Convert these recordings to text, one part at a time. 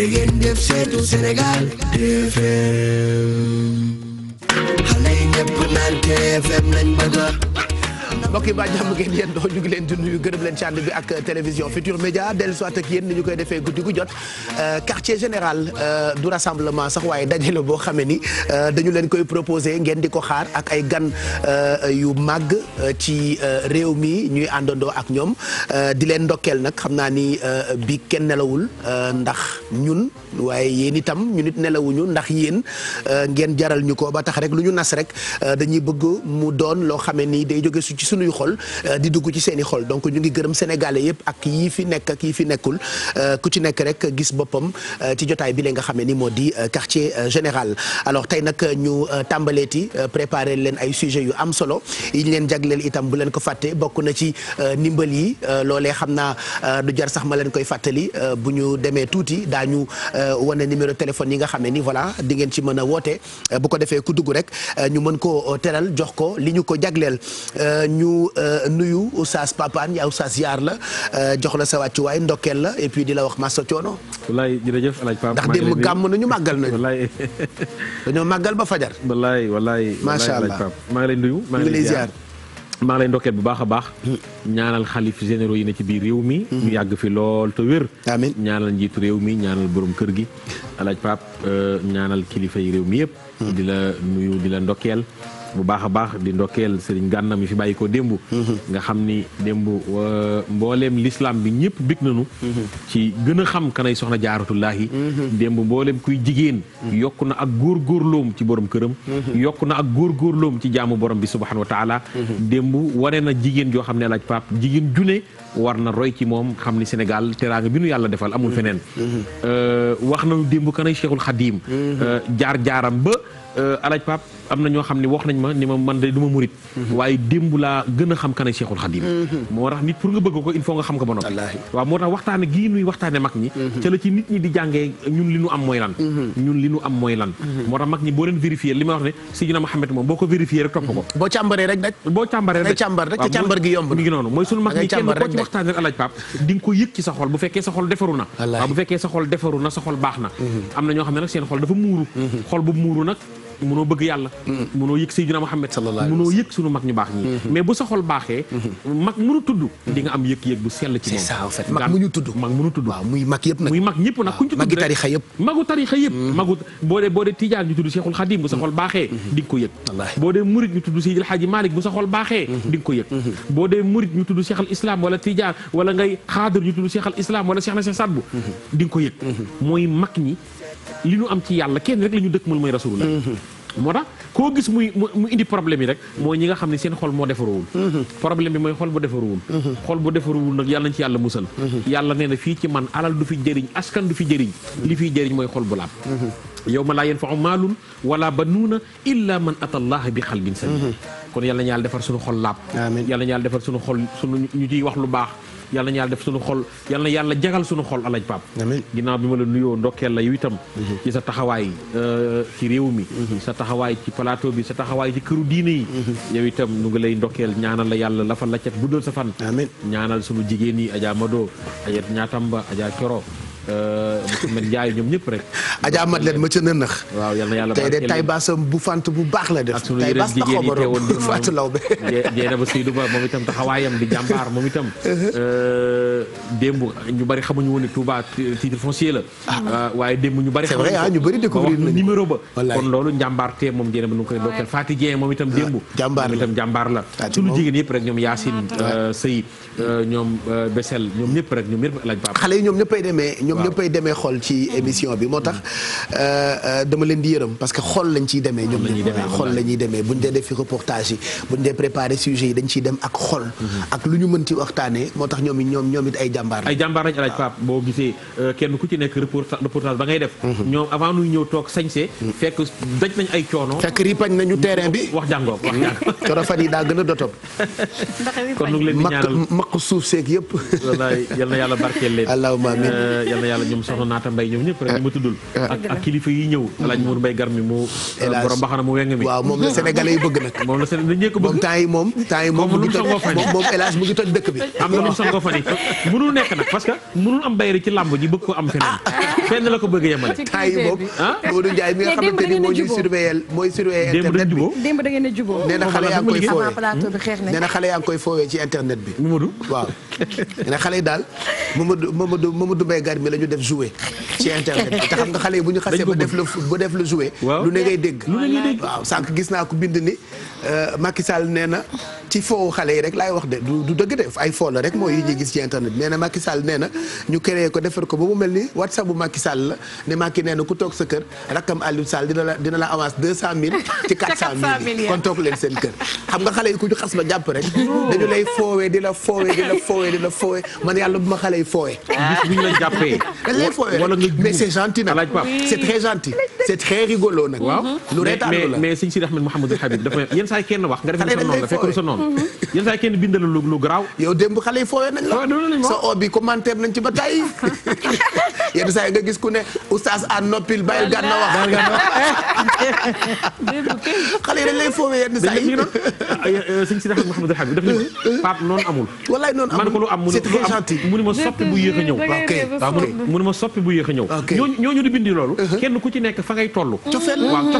jërë ngeen def seetu Sénégal TFM xale yi ñëpp naan TFM lañ bëgg mbokk yi mbaa jàmm ngeen yéen doo ñu ngi leen di nuyu gërëm leen ci ànd bi ak télévision Futur Média dellu soit ak yéen ni ñu koy defee guddi gu jot euh, quartier général euh, du rassemblement sax waaye daje la boo xamee ni euh, dañu leen koy proposé ngeen di ko xaar ak ay gan yu màgg ci réew mi ñuy àndandoo ak ñoom di leen ndokkeel nag xam naa ni bi kenn nelawul ndax ñun waaye yéen itam ñu nit nelawuñu ndax yéen ngeen jaral ñu ko ba tax rek lu ñu nas rek dañuy bëgg mu doon loo xamee ni day jóge su sunuy xol euh, di dugg ci seen i xol donc ñu ngi gërëm sénégalais yëpp ak yii fi nekk ak yi fi nekkul euh, ku ci nekk rek gis boppam euh, ci jotaay bi la nga xamee ni moo di quartier général alors tey nag ñu tàmbaleeti préparer leen ay sujets yu am solo yi ñu leen jagleel itam bu leen ko fàttee bokk na ci ndimbal yi loole xam naa du jar sax ma leen koy fàttali bu ñu demee tuuti daañu wane numéro téléphone yi nga xamee ni voilà di ngeen ci mën a woote bu ko defee ku dugg rek ñu mën ko teral jox ko li ko jagleel ñu euh, nuyu Oustaz Papane yaa Oustaz Yaar la euh, jox la sa wàccuwaay ndokeel la et puis di la wax massa coono. wallaay jërëjëf El Hadj Pape ndax démb gàmm nañu màggal nañu. wallaay dañoo màggal ba fajar. wallaay wallaay. macha allah maa ngi lay nuyu. maa ngi lay ziar maa ngi lay ndokkeel bu baax a baax. ñaanal xalif généro yi na ci biir réew mi. Mhm. ñu yàgg fi lool te wér. amiin ñaanal njiitu réew mi ñaanal boroom kër gi. alaaj Pape euh, ñaanal kilifa yi réew mi yëpp. Mhm. di la nuyu di la ndokkeel. bu baax a baax di ndokkeel sëriñ gànna mi fi bàyyi ko démb mm-hmm. nga xam ni démb mbooleem lislaam bi ñëpp bég nañu mm-hmm. ci gën a xam kanay soxna jaaratullaahi mm-hmm. démb mbooleem kuy jigéen yokk na ak góorgóorloom ci borom këram yokk na ak góor góor góorgóorloom ci jaamu borom bi subhaanahu wa taala démb wane na jigéen joo xam ne laaj pap jigéen june war na roy ci moom xam ni Sénégal teraanga bi nu yàlla defal amul feneen euh, wax nañu démb kanay Cheikhul Khadim euh, jaar jaaram am na ñoo xam ne wax nañ ma ni ma murit mhm. waaye démb gën a xam kan ay Seexul Xadim mhm. moo tax nit pour nga bëgg ko il faut nga xam ko ba noppi waaw moo tax waxtaane gii nuy waxtaane mag mooy mhm. lan ñun li nu am mooy lan moo boo leen vérifier li ma wax ne Sidina Muhammad moom boo ko vérifier rek topp ko boo càmbaree rek daj boo càmbaree rek càmbar rek te càmbar gi yomb yëg ci sa xol bu fekkee sa xol defaru na waaw bu fekkee sa xol defaru na sa xol baax na am na ñoo xam ne nag seen xol dafa muuru xol bu muuru nag mënoo bëgg yàlla mënoo mm. yëg Seydina Muhammad sallallahu alayhi mënoo yëg sunu mag ñu baax ñi mm-hmm. mais bu sa xol baaxee mm-hmm. mag mënu tudd mm-hmm. di nga am yëg-yëg bu sell ci moom c'est ça en fait mag mënu tudd mag mënu tudd waaw muy mag yëpp nag muy mag ñëpp nag kuñ magi tarixa yëpp magu tarixa yëpp magu boo dee boo ñu tudd Cheikhul Khadim bu sa xol baaxee di ko yëg boo dee murid ñu tudd Seydil Hadji Malick bu sa xol baaxee di ko yëg boo dee murid ñu tudd Cheikh al Islam wala tijaan wala ngay xaadir ñu tudd Cheikh al li ñu am ci yàlla kenn rek la ñu dëkkmal mooy rasulullah mhm. moo tax koo gis muy mu indi problème yi rek mooy ñi nga xam ne seen xol moo defaruwul mhm. problème bi mooy xol bu defaruwul mhm. xol bu defaruwul nag yàlla nañ ci yàlla musal yàlla nee fii ci man alal du fi jëriñ askan du fi jëriñ li fiy jëriñ mooy xol bu laab yow ma laa yanfau maalun wala banuuna illa man ata allaha bi xalbin salim kon yàlla na defar suñu xol laab yàlla na defar suñu yal na yàlla def suñu xol yal na yàlla jagal suñu xol alaj pap ginnaaw bi ma la nuyoo ndokkeel la yow itam mhm. ci sa taxawaay euh, ci réew mi mhm. sa taxawaay ci plateau bi sa taxawaay ci këru diine yi mhm. yow itam nu ngi lay ndokkeel ñaanal la yàlla lafa la cet guddal sa fan ñaanal suñu jigéen yi Adja Mado Adja ba Adja Coro Mouhamed Ndiaye ñoom ñëpp rek. Adja Madeleine ma ca nënnax. waaw yal na yàlla tey de tay baasam bu fant bu baax la def. ak sunu yeneen jigéen yi teewoon di fàttu law bi. Dieynaba Seydou Ba moom itam taxawaayam di jàmbaar moom itam. Uh-huh. Euh, démb ñu bari xamuñu woon ne Touba titre foncier la. Ah. Euh, waaye démb ñu bari. c'est vrai ah ñu bari découvrir nañu numéro ba. kon loolu njàmbaar tee moom Dieynaba nu ngi koy ndokkeel ah, Fatou Dieng moom itam ah, démb. jàmbaar la moom itam jàmbaar la. sunu jigéen yëpp rek ñoom Yacine Sey euh, ñoom Bessel ñoom ñëpp rek ñoom ñëpp lañ papa xale yi ñoom ñëppay demee ñoom ñëppay demee xol ci hmm. émission bi moo tax euh, euh, dama leen di yërëm parce que xol lañ ciy demee ñoom ñëpp xol la ñuy demee buñ dee def fi reportage yi buñ dee préparé sujet yi dañ ciy dem ak xol hmm. ak lu ñu mën waxtaanee moo tax ñoom ñoom it ay jàmbaar nañu terrain bi a yàlla ñoom soxna naata mbay ñoom ñëpp rek ñu ma tuddul eh, eh, ak kilifa yi ñëw alaaj Mour Mbay Garmi mu eh, borom mbaxana mu weng mi waaw moom la sénégalais yi bëgg nag moom la sénégalais ñëpp bëgg moom moom temps yi yi bëgg ko am feneen ah, ah, ah. fenn la ko bëgg yemale temps yi moom Modou Ndiaye mi nga xamante ni moo ñuy surveiller mooy surveiller internet bi démb a xale yi daal Mamadou Mamadou Mamadou Mbay Garmi bi la ñu def jouer ci internet bi te xam nga xale yi bu ñu xasee ba def la ba def naa ko bind ni euh, Macky Sall nee na ci foowu xale yi rek laay wax de du dëgg de ay foo rek mooy yi ñuy gis ci internet nee na Macky Sall nee na ñu créé ko defar ko ba mu mel ni WhatsApp bu Macky Sall la ne Macky nee na ku toog sa kër rakkam Aliou Sall dina la dina la avance deux cent mille ci quatre cent mille leen seen kër xam nga xale ku ñu xas ba jàpp rek dañu lay foowee di la foowee di la foowee di la foowee man yàlla bu ma xale yi foowee bu ñu la jàppee dañ lay foyee mais c'est gentil nag c'est très gentil c'est très rigolo nag. waaw lu reetaanu la mais mais sëñ Sidi Ahmed Mouhamadou Habib dafa yenn saa yi kenn wax nga def sa noonu la fekk sa noonu. yenn saa yi kenn bindal lu lu garaaw. yow démb xale yi fooyee nañ la sa o bi commentaire nañ ci ba tey yenn saa yi nga gis ku ne oustaz a noppil bàyyil gànna wax. xale yi dañ lay fooyee yenn saa yi. sëñ Sidi Ahmed Mouhamadou Habib daf ne Pape noonu amul. wallaay noonu amul man ko lu am c'est très gentil mu ne ma soppi bu yéex a ñëw. ok ok mu ne ma soppi bu yéex a ñëw. ñooñu di bindi loolu uh-huh. kenn ku ci nekk fa ngay toll cofeel waaw mm.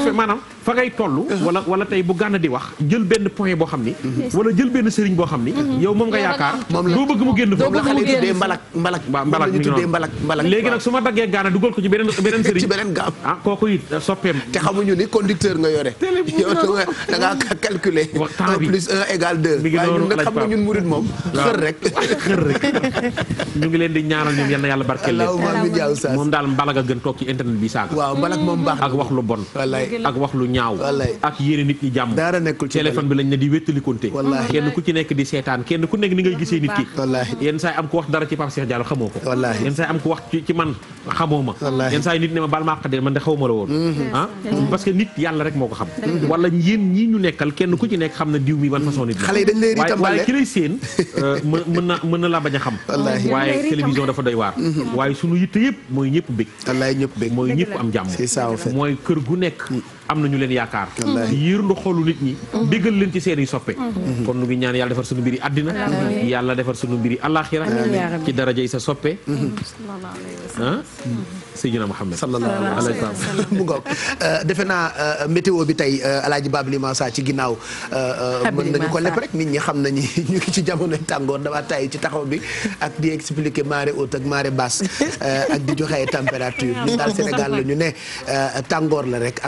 uh-huh. bu gànn di wax jël benn point boo xam ni mm-hmm. wala jël benn sëriñ boo xam ni mm-hmm. yow moom nga yaakaar doo bëgg mu génn foofu xale tuddee léegi nag su ma daggee gànn dugal ko ci beneen sëriñ ci beneen gaam ah kooku it uh, soppeem te xamuñu ni conducteur nga yore yow da ngaa calculer un plus un égale deux waaye ñun nag xam nga ñun murid moom xër rek di ñaanal ñoom yal na yàlla barkeel leen moom daal mbalak a gën toog ci internet bi saaga ak wax lu bon ak wax lu ñaaw ak yéene nit ñi jàmm téléphone bi lañ ne di wéttalikonte kenn ku ci nekk di seetaan kenn ku nekk ni ngay gisee nit ki yenn saay am ku wax dara ci Pape Cheikh xamoo ko yenn saay am ku wax ci man xamoo ma yenn saay nit ne ma baal ma àqde man de xaw ma la woon mm-hmm. Ah? Mm-hmm. parce que nit yàlla rek moo ko xam wala yéen ñii ñu nekkal kenn ku ci nekk xam na diw mi ban façon nit la waaye ki lay séen euh, mën na laa bañ a xam waaye télévision waaw mooy kër gu nekk am na ñu leen yaakaar yiir ndu xoolu nit ñi déggal mm-hmm. leen ci seeni soppe mm-hmm. kon nu ngi ñaan yàlla defar suñu mbiri àddina yàlla defar suñu mbiri alaxira ci daraja sa soppe mm-hmm. ah Seydina Muhammad sallallahu alayhi wa sallam euh, defe naa euh, météo bi tey euh, alaaji Babli Mansa ci ginnaaw mën nañu ko lépp rek nit ñi xam nañu ñu ngi ci jamonoy tàngoor dama tay ci taxaw bi ak di expliquer marée haute ak marée basse ak di joxe température ñu daal Sénégal la ñu ne tàngoor la rek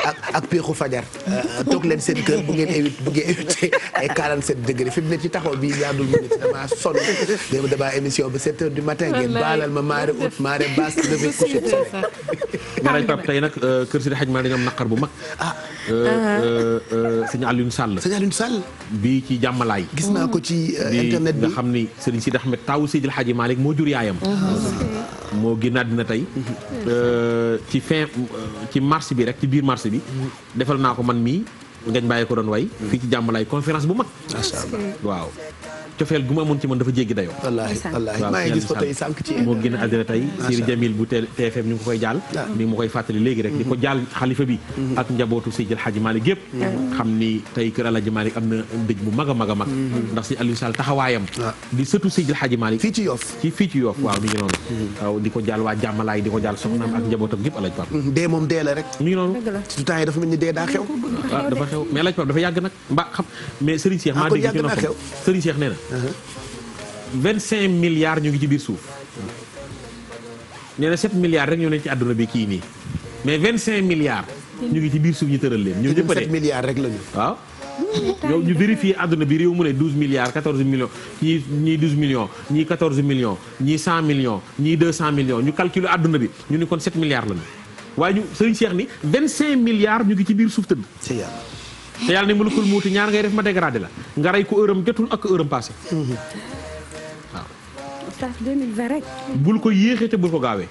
ak ak peexu fajar euh, toog leen seen kër bu ngeen évite bu ngeen éviter ay 47 degré fi mu ne ci taxaw bi ñaadul ma nit damaa sonn dama damaa émission bi 7 heures du matin baalal ma marée haute marée basse lever coucher nga lay Pape tey nag euh, kër Sidi Hadj Malick am naqar bu mag. ah. Euh, ah. Euh, sëñ sàll Sall. sëñ Alioune Sall. bi ci jàmmalaay. gis naa ko ci internet bi nga xam ni Serigne Sidi Ahmed taw Sidi Hadj Malick moo jur yaayam. Ah. moo génnaat na tey. ci fin ci mars bi rek ci biir mars bi. defal naa ko man mi ngañ bàyyi ko doon way. Mm. fii ci jàmmalaay conférence bu mag. macha waaw. cofeel gu ma amoon ci man dafa jéggi dayoo. ko tey sànq ci moo gën a àddina tey ah. ma di ko jaal xalifa mm-hmm. ak njabootu gépp mm-hmm. mm-hmm. ni tey kër El Hadji Malick na dëj bu mag a mag a si Aliou Sall taxawaayam ah. di sëtu Seydi El Hadji Malick fii ci Yoff ci fii ci Yoff waaw mi ngi noonu waaw di ko jaal waa jàmmalaay di ko jaal soxnaam ak njabootam gépp Alaaji Pap dee moom dee la rek mi ngi noonu su temps dafa mel ni dee daa xew ah, dafa xew mais Alaaji dafa yàgg nag mbaa mais Serigne Cheikh maa dégg ci noppam vingt cinq milliards ñu ngi ci biir suuf nee na sept milliards rek ñoo ne ci àdduna bi kii nii mais vingt cinq milliards ñu ngi ci biir suuf ñu tëral leen ñu ñëpp a sept milliards rek lañu waaw yow ñu vérifié àdduna bi réew mu ne douze milliards quatorze millions ñii ñii douze millions ñii quatorze millions ñii cent millions ñii deux cent millions ñu calculer àdduna bi ñu ni kon sept milliards lañu waaye ñu sëriñ Cheikh ni vingt cinq milliards ñu ngi ci biir suuf tëdd te yàlla ne mulukul muuti ñaar ngay def ma dégradé la nga rey ko ërëm jotul ak ërëm passé waaw. oustaz bul ko yéexee te bul ko gaawee.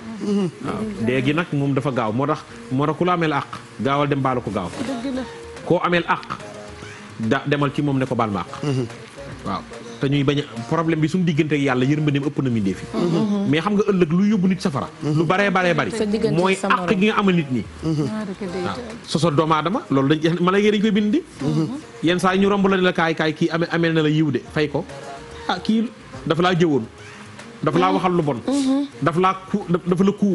waaw léegi nag moom dafa gaaw moo tax moo tax ku la ameel àq gaawal dem baalu ko gaaw. dëgg koo ameel àq da demal ci moom ne ko baal ma àq. Mhm. waaw. te ñuy bañ problème bi suñu diggante ak yàlla yërmandeem ëpp na mindee fi mhm. mais xam nga ëllëg lu yóbbu nit safara mhm. lu baree baree bari mooy àq gi nga amal nit ñi mhm. waaw soso doomu aadama loolu dañ mala yee dañ koy bind yenn saa yi romb la ne kaay kaay kii amee na la yiw de fay ko ah kii dafa laa jëwoon dafa laa waxal lu bon daf laa ku daf la ku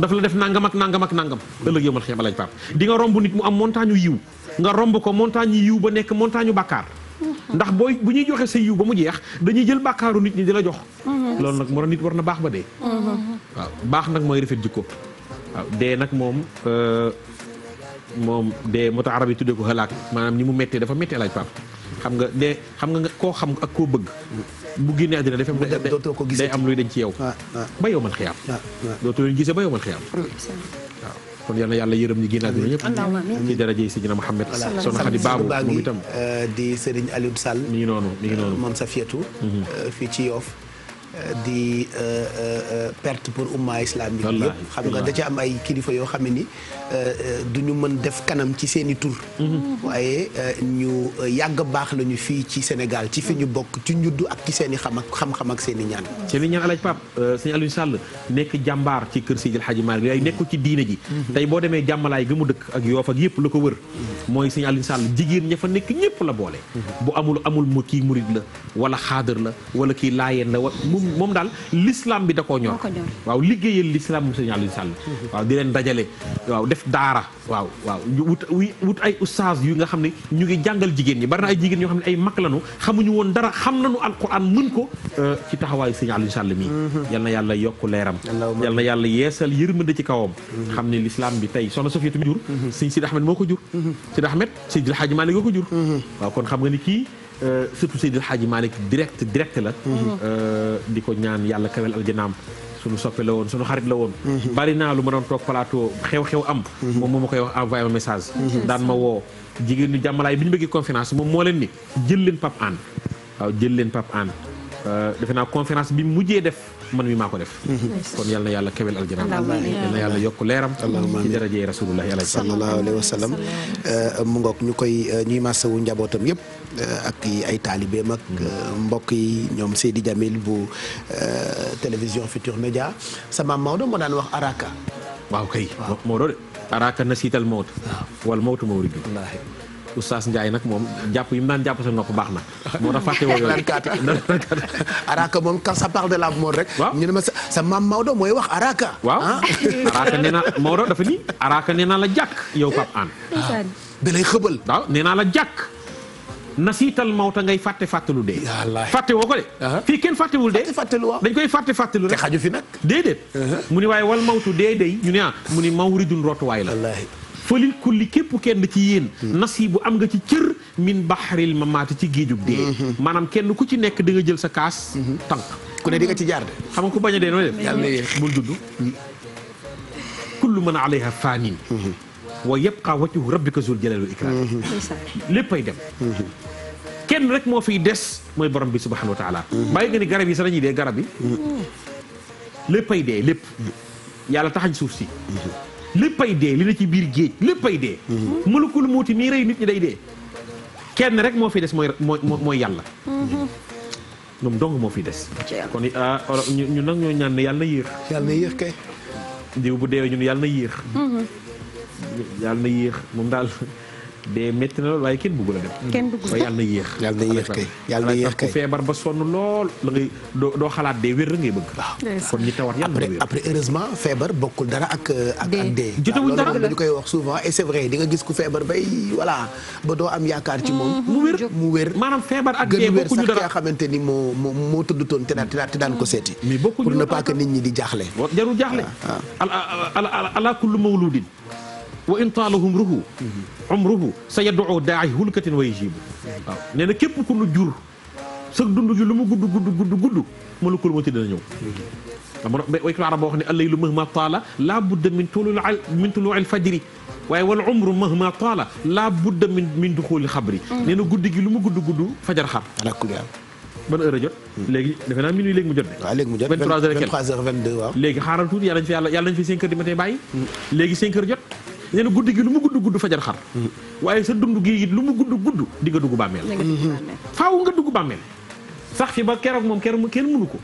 dafa la def nangam ak nangam ak nangam ëllëg yomal xeebalañ pap di nga romb nit mu am montagne yiw nga romb ko montagne yiw ba nekk montagne bàkkaar ndax booy bu ñuy joxe sa yiw ba mu jeex dañuy jël bàkkaaru nit ñi di la jox loolu nag moo tax war na baax ba dee waaw baax nag mooy rafet jikko waaw dee nag moom euh, moom dee moo tax arab yi tuddee ko xalaak maanaam ni mu mettee dafa méttee laaj pap xam nga dee xam nga koo xam ak koo bëgg bu génnee àddina dafay day am luy dañ ci yow ah, ah. ba yow man xiyaam ah, dootoo leen ba yow man xiyaam kon yal na yàlla yërëm ñi génnaat bi ñëpp ci daraje yi Seydina baabu moom itam euh, di Serigne Aliou Sall mi ngi noonu mi mhm. euh, ci Yoff di euh, euh, euh, perte pour umma islamique bi yëpp xam nga da ci am ay kilifa yoo xam ne ni du ñu mën def kanam ci seen i tur mhm. waaye ñu yàgg baax lañu fii ci Sénégal ci fi ñu bokk ci njuddu ak ci seen i xam ak xam-xam ak seen i ñaan ci li ñaan alaaj Pape sëñ Aliou Sall nekk jàmbaar ci kër Seydil Hadji Malick yaay nekk ci diine ji mhm. tey boo demee jàmmalaay gi mu dëkk ak yoof ak yëpp la ko wër mhm. mooy sëñ Aliou sàll jigéen ña fa nekk ñëpp la boole bu amul amul mu kii murid la wala moom daal lislaam bi da koo ñor waaw liggéeyal l'islam moom sëñ Aliou Sall mm-hmm. waaw di leen dajale waaw def daara waaw waaw wut wut ay oustaz yu nga xam ne ñu ngi jàngal jigéen ñi bari ay jigéen yoo xam ne ay mag lañu xamuñu woon dara xam na nañu alquran mën ko euh, ci taxawaayu sëñ Aliou Sall mii mm-hmm. yal na yàlla yokk leeram yal na yàlla yeesal yërmande ci kawam mm-hmm. xam ne l'islam bi tey soxna Sofiyatu mi jur si Sidi Ahmed moo ko jur Sidi Ahmed Sidi El Hadji ko xam nga ni kii Euh, surtout Seydil Hadji Malick direct direct la mhm. euh, di ko ñaan yàlla kawel aljanaam sunu soppe la woon sunu xarit la woon mhm. bari naa lu ma doon toog plateau xew-xew am mhm. moom moo ma koy wax envoyé message daan ma woo jigéen ñu jàmmalaay bi ñu bëggee conférence moom moo leen ni jël leen Pape Hann waaw jël leen Pape Hann euh, defe naa conférence bi mujjee def man mi maa ko def kon yal na yàlla kewel aljana yal na yàlla yokk leeram ci darajey rasulullahi alayhi sallallahu alayhi wa sallam eh, mu ngoog ñu koy eh, ñuy masawu njabootam yëpp eh, ak ay taalibeem ak mm. mbokk yi ñoom Seydi Jamil bu télévision Futur Média sama Maodo moo daan wax araka waaw kay Maodo de araka na siital mawt wal mawtu mawridu oustaz Ndiaye nag moom jàpp yi mu naan jàpp sa nopp baax na moo tax fàtte woo yooyu araka moom quand ça parle la mort rek ñu ne ma sa maam Maodo mooy wax araka waaw ah. araka nee Maodo dafa ni araka nee naa la jàkk yow Pape Hann ah. da lay xëbal waaw naa la jàkk nasiital mawta ngay fàtte fàttalu dee fàtte woo ko de ah. fii kenn fàttewul dee dañ koy fàtte fàttalu rek xaju fi nag déedéet uh-huh. mu ni waaye wal mawtu dee day ñu ne ah mu ni mawridun rootuwaay la falil kulli képp kenn ci yéen mm-hmm. nasibu am nga ci cër min baxaril mamaati ci géejub dee mm-hmm. maanaam kenn ku ci nekk da nga jël sa kaas mm-hmm. tànk ku ne di ci jaar de xam nga ku bañ a dee noo def yàlla yéex bul dudd kullu man alayha fanin wa yabqa wajhu rabbika zul jalali wal lépp ay dem kenn rek moo fiy des mooy borom bi subhanahu wa taala bàyyi nga ni garab yi sax dañuy dee garab yi léppay dee lépp yàlla taxañ suuf si léppay dee li na ci biir géej léppay dee. mulukul mhm. muuti mii rey nit ñi day de kenn rek moo fi des mooy mooy mooy yàlla. Mhm. ñoom dong moo fi des. kon ah ñu nag ñoo ñaan yàlla na yéex. yàlla yéex kay. diw bu deewee ñun yàlla yéex. Mhm. yàlla na yéex moom daal. dee métti na lool waaye kenn bëggu la dem. kenn bëggu la dem yàlla na yéex. yàlla na yéex kay yàlla na yéex kay ba sonn lool la ngay doo xalaat dee wér la ngay bëgg. waaw kon ñi tawat yàlla na wér. après heureusement feebar bokkul dara ak ak ak dee. jotewul loolu dañu koy wax souvent et c'est di nga gis ku feebar bay voilà ba doo am yaakaar ci moom. mu wér mu wér. maanaam feebar ak dee bokkuñu dara gën wér sax ki xamante ni moo moo moo tudd toon te daan daan ko seeti. mais bokkuñu pour na pas que nit ñi di jaaxle. jarul jaaxle. ala ala ala kullu mawludin wa in taala umruhu umruhu sa yadoo daahi hulkatin wa yajibu waaw nee na képp ku nu jur sëg dund gi lu mu gudd gudd gudd gudd malakul mawti dina ñëw xam nga way ko arab boo wax ne allaylu mahma taala laa budda min tulul min tuluil fajri waaye wal umru mahma taala laa budda min min duxuli xabri nee na guddi gi lu mu gudd gudd fajar xar ban heure a jot léegi defe naa minuit léegi mu jot de waaw léegi mu jot 23 heures 22 waaw léegi xaaral tuuti yàlla nañ fi yàlla yàlla nañ fi 5 heures du matin bàyyi mm. léegi 5 heures jot nee gudd gi lu mu gudd gudd fajar xar mm. waaye sa dund gi it lu mu gudd gudd di nga dugg bàmmeel faaw nga dugg bàmmeel sax fi ba keroog moom keroog kenn mënu ko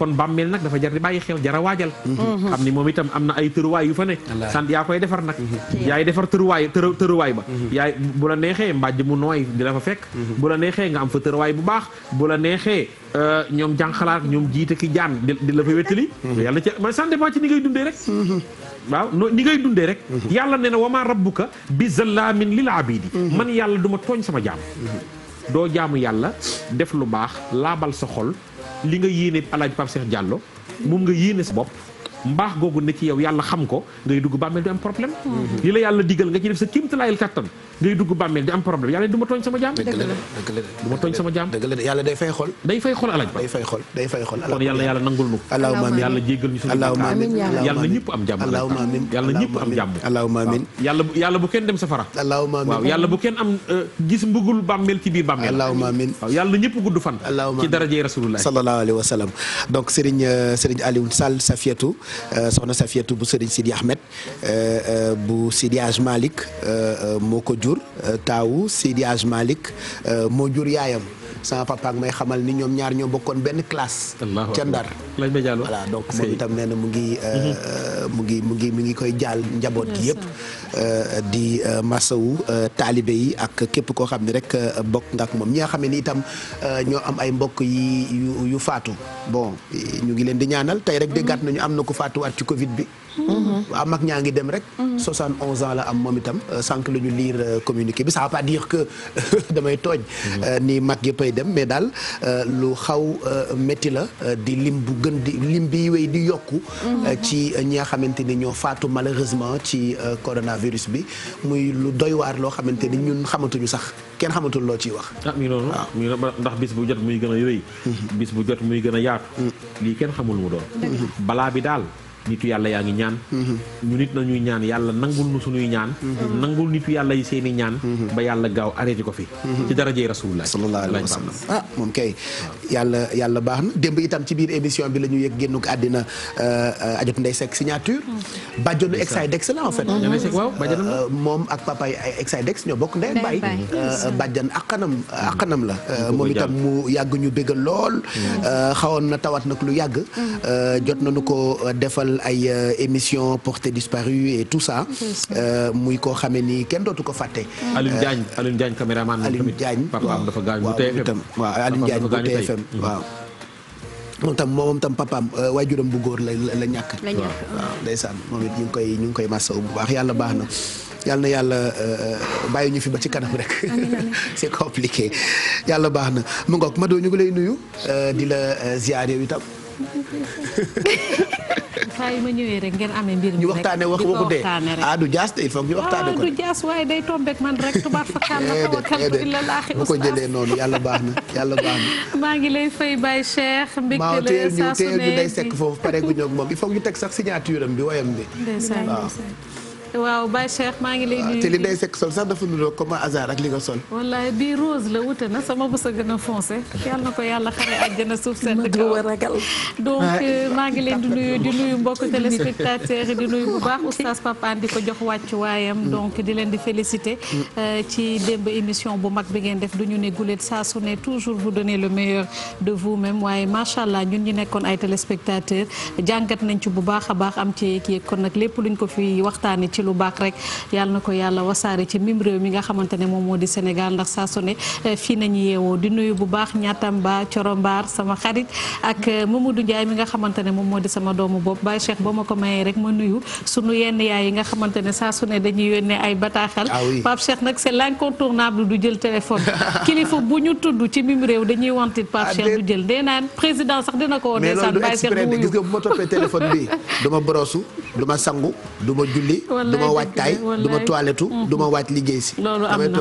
kon bàmmeel nag dafa jar di bàyyi xew jara waajal mhm. xam ni moom itam am na ay tëruwaay yu fa ne sant yaa koy defar nag mhm. yaay defar tëruwaay tëruwaay ba mhm. yaay bu la neexee mbàjj mu nooy di la fa fekk bu la neexee nga am fa tëruwaay bu baax bu la neexee euh, ñoom jànxalaat ñoom jiite ki jaan di la fa wettali yàlla ci man sant dépend ci ni ngay dundee rek waaw ni ngay dundee rek yàlla ne na wama rabbuka bi zallaamin lil abidi man yàlla du ma tooñ sama jaam doo jaamu yàlla def lu baax laabal sa xol li nga yéene El Hadj Pape Cheikh Diallo nga yéene sa bopp. mbaax googu ne ci yow yàlla xam ko ngay dugg bàmmeel di am problème hmm. li yàlla digal nga ci def sa kéemtalaayal kattan ngay dugg bàmmeel di am problème ma tooñ sama jaam dëgg la dëgg la du ma tooñ sama day fay xol day fay xol alaj ba day fay xol day fay xol kon yàlla yàlla nangul nu allahumma amin yàlla jéggal ñu suñu bàkkaar yàlla na ñëpp am jàmm amin yàlla ñëpp am jàmm yàlla bu kenn dem safara allahumma amin waaw yàlla bu kenn am euh, gis mbugul bàmmeel ci biir bàmmeel allahumma amin waaw yàlla ñëpp gudd fan ci darajey rasulullah sallallahu alayhi wa sallam donc Serigne euh, Serigne Alioune Sall Safiatou Euh, soxna Safiatou bu Serigne Sidi Ahmed euh, euh, bu Sidi Aj Malick moo jur taawu Sidi Aj moo jur yaayam. sama papa ak may xamal ni ñoom ñaar ñoo bokkoon benn classe. ca Ndar voilà donc moom itam nee na mu ngi. Mhm. Euh, mu ngi mu ngi mu ngi koy jaal njaboot gi yëpp. Euh, di euh, masawu taalibe yi ak képp koo xam ne rek bokk nga ak moom ñi nga xam ne ni itam ñoo am ay mbokk yi yu yu faatu bon ñu ngi leen di ñaanal tey rek déggaat mhm. nañu am na ku faatuwaat ci Covid bi. waaw mm-hmm. ah, mag ñaa ngi dem rek. 71 mm-hmm. ans la am moom itam euh, sànq la ñu liir euh, communiqué bi sax veut pas dire que damay tooñ. Mm-hmm. Euh, nii mag ay dem mais daal lu xaw métti la di lim bu gën di lim bi wéy di yokk ci ñi nga xamante ni ñoo faatu malheureusement ci coronavirus bi muy lu doy waar loo xamante ni ñun xamatuñu sax kenn xamatul loo ciy wax. ah mi ah. noonu ndax bis bu jot muy gën a rëy. bis bu jot muy gën a yaat mm. lii kenn xamul mu doon. balaa bi daal. nitu yàlla yaa ngi ñaan mhm. ñu nit nañuy ñaan yàlla nangul nu suñuy ñaan mhm. nangul nitu yàlla yi seeni ñaan mhm. ba yàlla gaaw arrêté ko fi ci darajey rasulullah sallallahu alayhi wa sallam ah moom ci biir émission bi la ñu yëg ko àddina euh, euh, ajot ndey sek signature bàjjonu Exidex la en fait euh, moom ak papa yi Exidex ñoo bokk ndey ak baay bàjjan akkanam akkanam la moom itam mu yàgg ñu bégal lool mm. xawoon na tawat nag lu yàgg mm. jot nañu ko defal amal ay euh, émission portée disparue et tout ça. Euh, muy koo xamee ni kenn dootu ko fàtte. Mm. Alioune euh, Diagne Alioune Diagne caméraman Alioune Diagne papaam dafa gaañ bu TFM waaw Alioune Diagne bu TFM moom tam moom tam papaam waajuram bu góor la la ñàkk. la ñàkk waaw moom it ñu ngi koy ñu ngi koy masawu bu baax yàlla baax na. yàlla na bàyyi ñu fi ba ci kanam rek c'est compliqué yàlla baax na mu ngoog Mado ñu ngi lay nuyu di la ziar yow itam. saa yu ma ñëwee rek ngeen amee mbir mi. ñu waxtaanee wax waxu dee ah du jaas de il ñu waxtaanee ah, ko. ah du jaas waaye day tombeek man rek tubaab fa kàll la eh, ko eh, wakkal bu illa laaxi bu yàlla baax na yàlla baax na. maa ngi lay fay Baye Cheikh. mbégte la saa day sekk foofu pare gu ñoog moom il faut ñu teg sax signature am bi woyam bi. waaw Baye Cheikh maa ngi lay ah, nuyu. te li day sekk sol sax dafa nuroo comme hasard ak li sol. wallaay bii rose la wute sama bës a gën a foncé yal na ko yàlla xare àjjana suuf sedd kaw donc ah, euh, maa ngi leen di nuyu di nuyu di ko jox wàccuwaayam. Mm. donc di leen di féliciter. Mm. Euh, ci démb émission bu mag bi ngeen def du ñu ne gulet saa su toujours vous donner le meilleur de vous-même waaye macha allah ñun ñu nekkoon ay téléspectateurs jàngat nañ ci bu baax a baax am ci kii kon nag lépp luñ ko fi waxtaanee ci ci lu baax rek yàlla na ko yàlla wasaare ci mim réew mi nga xamante ne moom moo di Sénégal ndax saa su ne eh, fii nañu yeewoo di nuyu bu baax ñaatam ba corombaar sama xarit ak eh, Mamadou Ndiaye mi nga xamante ne moom moo di sama doomu bopp Baye Cheikh ba ma ko mayee rek ma nuyu sunu yenn yaay yi nga xamante ne saa su ne dañuy yónnee ay bataaxal ah Pape Cheikh nag c'est l'incontournable du jël téléphone kilifa bu ñu tudd ci mim réew dañuy wantit Pape ah, Cheikh du jël dee naan président sax dina ko woon mais loolu du exprès gis nga bu ma toppee du ma waaj taay du ma toilettu mm-hmm. du ma waaj liggéey si loolu am na